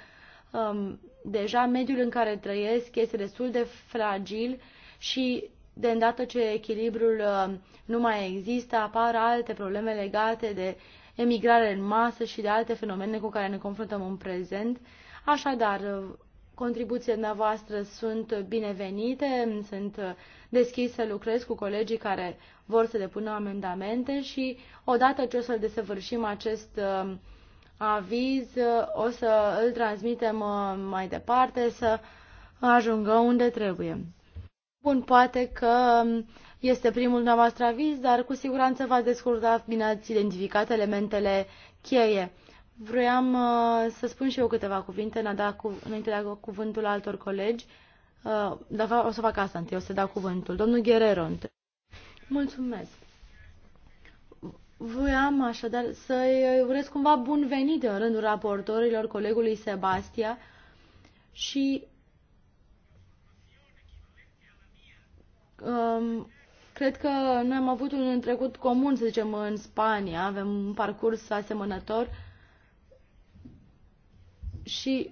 um, deja mediul în care trăiesc este destul de fragil și de îndată ce echilibrul uh, nu mai există, apar alte probleme legate de emigrare în masă și de alte fenomene cu care ne confruntăm în prezent. Așadar, uh, contribuțiile dumneavoastră sunt binevenite, sunt uh, deschis să lucrez cu colegii care vor să depună amendamente și odată ce o să desăvârșim acest um, aviz o să îl transmitem uh, mai departe, să ajungă unde trebuie. Bun, poate că este primul noastră aviz, dar cu siguranță v-ați descurcat, bine ați identificat elementele cheie. Vroiam uh, să spun și eu câteva cuvinte în a cu, înainte de a da cuvântul altor colegi, uh, dar o să fac asta întâi, o să dau cuvântul. Domnul Guerrero, întâi. Mulțumesc. Voiam așadar să-i urez cumva bun venit în rândul raportorilor colegului Sebastia și um, cred că noi am avut un trecut comun, să zicem, în Spania, avem un parcurs asemănător și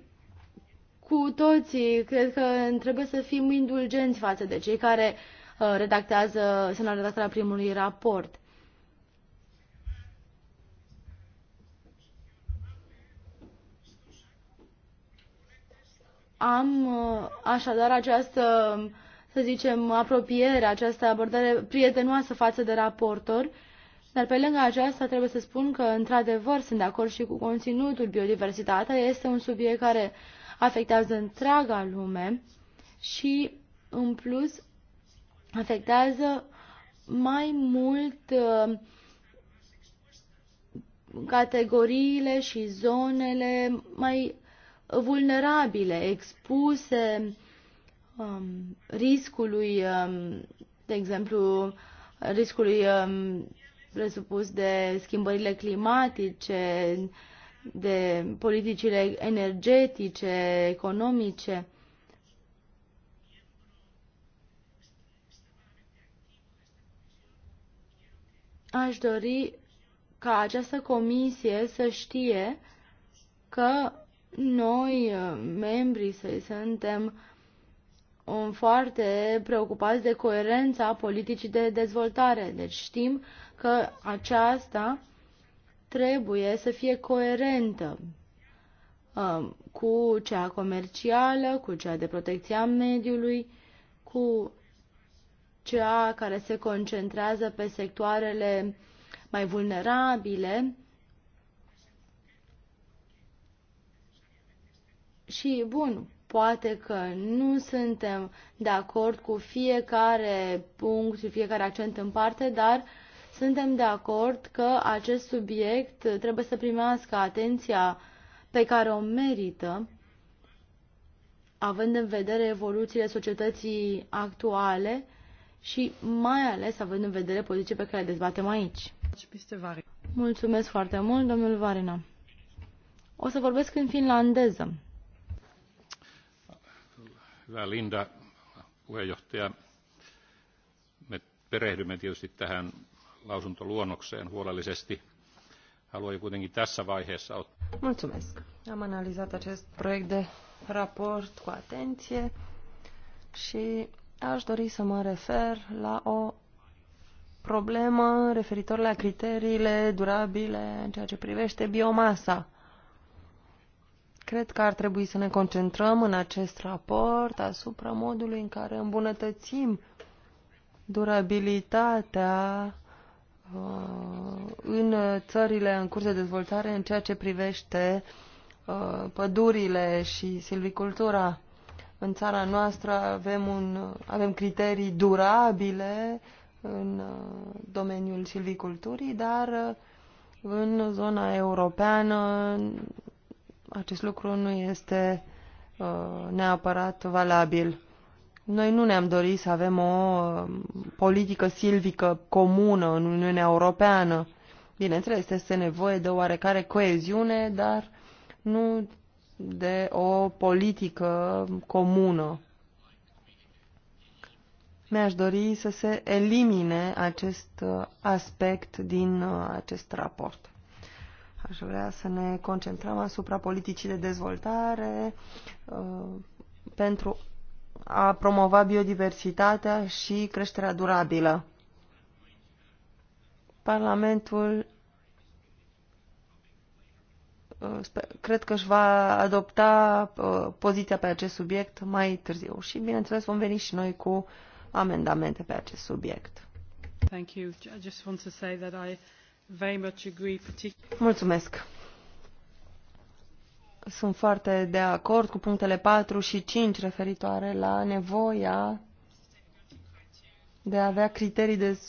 cu toții cred că trebuie să fim indulgenți față de cei care uh, redactează, redactează semnarea redactarea primului raport. Am uh, așadar această, să zicem, apropiere, această abordare prietenoasă față de raportor, dar pe lângă aceasta trebuie să spun că, într-adevăr, sunt de acord și cu conținutul. Biodiversitatea este un subiect care afectează întreaga lume și, în plus, afectează mai mult uh, categoriile și zonele mai vulnerabile, expuse um, riscului, um, de exemplu, riscului um, presupus de schimbările climatice, de politicile energetice, economice. Aș dori ca această comisie să știe că noi, uh, membrii săi, suntem um, foarte preocupați de coerența politicii de dezvoltare. Deci știm că aceasta trebuie să fie coerentă um, cu cea comercială, cu cea de protecție a mediului, cu cea care se concentrează pe sectoarele mai vulnerabile Și, bun, poate că nu suntem de acord cu fiecare punct și fiecare accent în parte, dar suntem de acord că acest subiect trebuie să primească atenția pe care o merită, având în vedere evoluțiile societății actuale și mai ales având în vedere poziții pe care le dezbatem aici. Mulțumesc foarte mult, domnul Varina. O să vorbesc în finlandeză hyvä linda puheenjohtaja me perehdymme tietysti tähän lausuntoluonnokseen huolellisesti. haluan jo kuitenkin tässä vaiheessa ottaa. Mulțumesc. Am analizat acest proiect de raport cu atenție și aș dori să mă refer la o problemă referitor la criteriile durabile în ceea ce privește biomasa. Cred că ar trebui să ne concentrăm în acest raport asupra modului în care îmbunătățim durabilitatea uh, în țările în curs de dezvoltare în ceea ce privește uh, pădurile și silvicultura. În țara noastră avem, un, avem criterii durabile în uh, domeniul silviculturii, dar în zona europeană acest lucru nu este uh, neapărat valabil. Noi nu ne-am dorit să avem o um, politică silvică comună în Uniunea Europeană. Bineînțeles, este nevoie de oarecare coeziune, dar nu de o politică comună. Mi-aș dori să se elimine acest uh, aspect din uh, acest raport. Aș vrea să ne concentrăm asupra politicii de dezvoltare uh, pentru a promova biodiversitatea și creșterea durabilă. Parlamentul uh, cred că își va adopta uh, poziția pe acest subiect mai târziu și, bineînțeles, vom veni și noi cu amendamente pe acest subiect. Thank you. I just want to say that I Mulțumesc. Sunt foarte de acord cu punctele 4 și 5 referitoare la nevoia de a avea criterii de,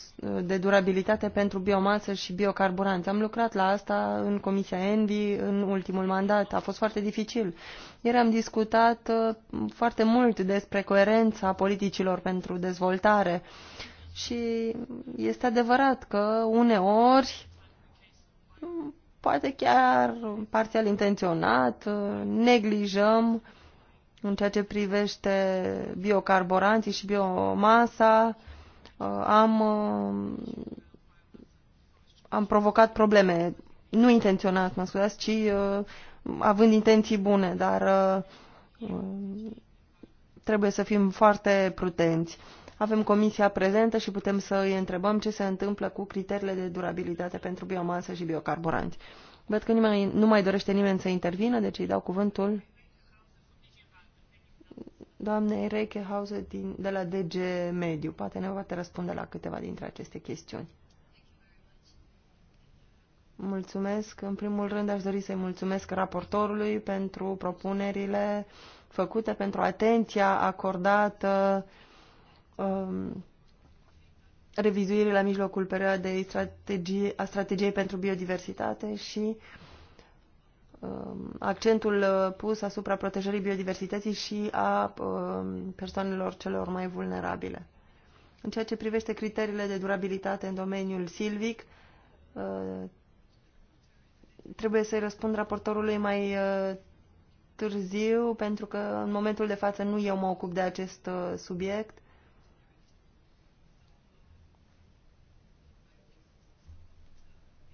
de durabilitate pentru biomasă și biocarburanți. Am lucrat la asta în Comisia Envi în ultimul mandat. A fost foarte dificil. Ieri am discutat uh, foarte mult despre coerența politicilor pentru dezvoltare. Și este adevărat că uneori poate chiar parțial intenționat, neglijăm în ceea ce privește biocarboranții și biomasa, uh, am, uh, am provocat probleme, nu intenționat, mă scuzați, ci uh, având intenții bune, dar trebuie să fim foarte prudenți avem comisia prezentă și putem să îi întrebăm ce se întâmplă cu criteriile de durabilitate pentru biomasă și biocarburanți. Văd că nimeni, nu mai dorește nimeni să intervină, deci îi dau cuvântul doamnei Reichehauser din, de la DG Mediu. Poate ne poate răspunde la câteva dintre aceste chestiuni. Mulțumesc. În primul rând aș dori să-i mulțumesc raportorului pentru propunerile făcute, pentru atenția acordată uh, um, revizuire la mijlocul perioadei strategie, a strategiei pentru biodiversitate și um, accentul uh, pus asupra protejării biodiversității și a um, persoanelor celor mai vulnerabile. În ceea ce privește criteriile de durabilitate în domeniul silvic, uh, trebuie să-i răspund raportorului mai uh, târziu, pentru că în momentul de față nu eu mă ocup de acest uh, subiect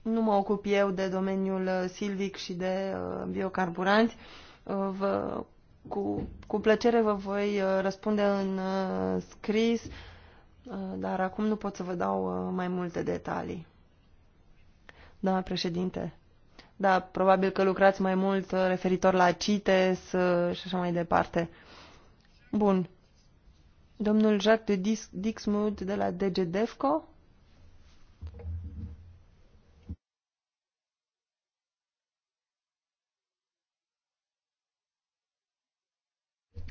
Nu mă ocup eu de domeniul uh, silvic și de uh, biocarburanți. Uh, vă, cu, cu plăcere vă voi răspunde în scris, dar acum nu pot să vă dau mai multe detalii. Da, președinte, da, probabil că lucrați mai mult referitor la CITES și așa mai departe. Bun. Domnul Jacques de Dixmude de la DGDEFCO.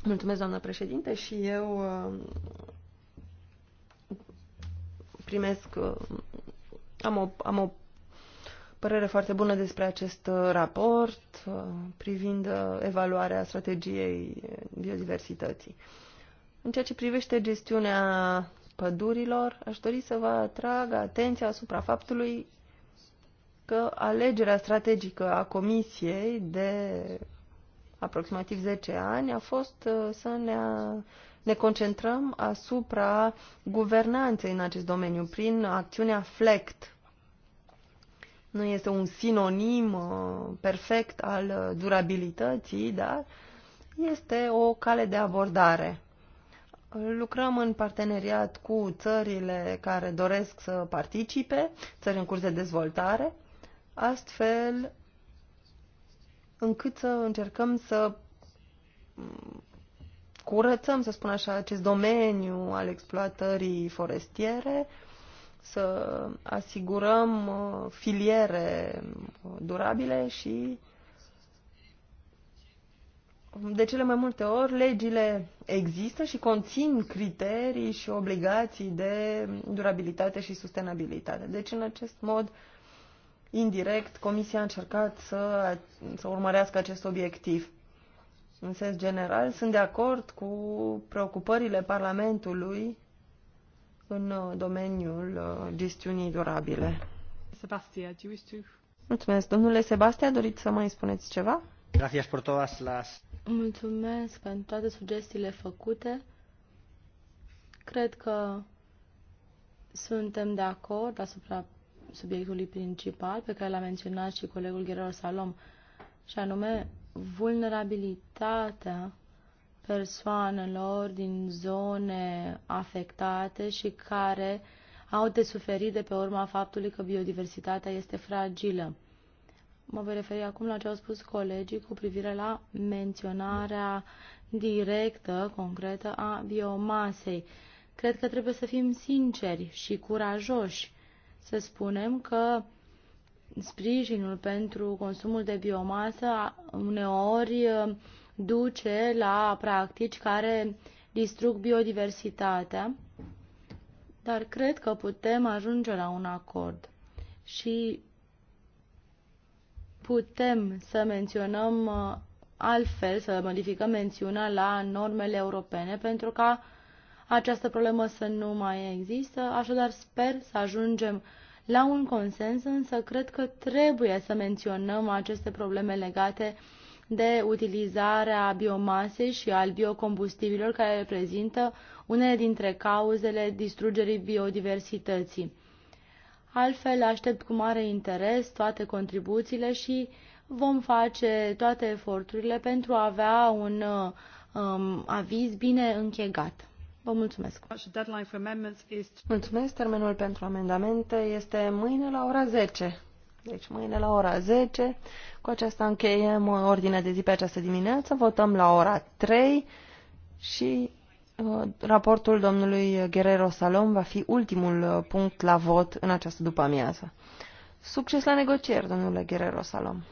Mulțumesc, doamnă președinte, și eu uh, primesc, uh, am o, am o părere foarte bună despre acest uh, raport privind evaluarea strategiei biodiversității. În ceea ce privește gestiunea pădurilor, aș dori să vă atrag atenția asupra faptului că alegerea strategică a Comisiei de aproximativ 10 ani a fost uh, să ne, ne concentrăm asupra guvernanței în acest domeniu prin acțiunea FLECT. Nu este un sinonim uh, perfect al uh, durabilității, dar este o cale de abordare. Lucrăm în parteneriat cu țările care doresc să participe, țări în curs de dezvoltare. Astfel, încât să încercăm să curățăm, să spun așa, acest domeniu al exploatării forestiere, să asigurăm uh, filiere uh, durabile și um, de cele mai multe ori legile există și conțin criterii și obligații de durabilitate și sustenabilitate. Deci în acest mod indirect, Comisia a încercat să, să urmărească acest obiectiv. În sens general, sunt de acord cu preocupările Parlamentului în uh, domeniul uh, gestiunii durabile. Sebastia, do you wish to... Mulțumesc. Domnule Sebastia, doriți să mai spuneți ceva? Gracias por todas las... Mulțumesc pentru toate sugestiile făcute. Cred că suntem de acord asupra subiectului principal pe care l-a menționat și colegul Gheror Salom, și anume vulnerabilitatea persoanelor din zone afectate și care au de suferit de pe urma faptului că biodiversitatea este fragilă. Mă voi referi acum la ce au spus colegii cu privire la menționarea directă, concretă, a biomasei. Cred că trebuie să fim sinceri și curajoși să spunem că sprijinul pentru consumul de biomasă uneori uh, duce la practici care distrug biodiversitatea, dar cred că putem ajunge la un acord și putem să menționăm uh, altfel, să modificăm mențiunea la normele europene pentru ca această problemă să nu mai există, așadar sper să ajungem la un consens, însă cred că trebuie să menționăm aceste probleme legate de utilizarea biomasei și al biocombustibilor care reprezintă unele dintre cauzele distrugerii biodiversității. Altfel, aștept cu mare interes toate contribuțiile și vom face toate eforturile pentru a avea un um, aviz bine închegat. Termenul pentru amendamente este mâine la ora 10. Deci mâine la ora 10. Cu aceasta încheiem uh, ordinea de zi pe această dimineață. Votăm la ora 3 și uh, raportul domnului Guerrero Salom va fi ultimul uh, punct la vot în această după amiază. Succes la negocieri, domnule Guerrero Salom.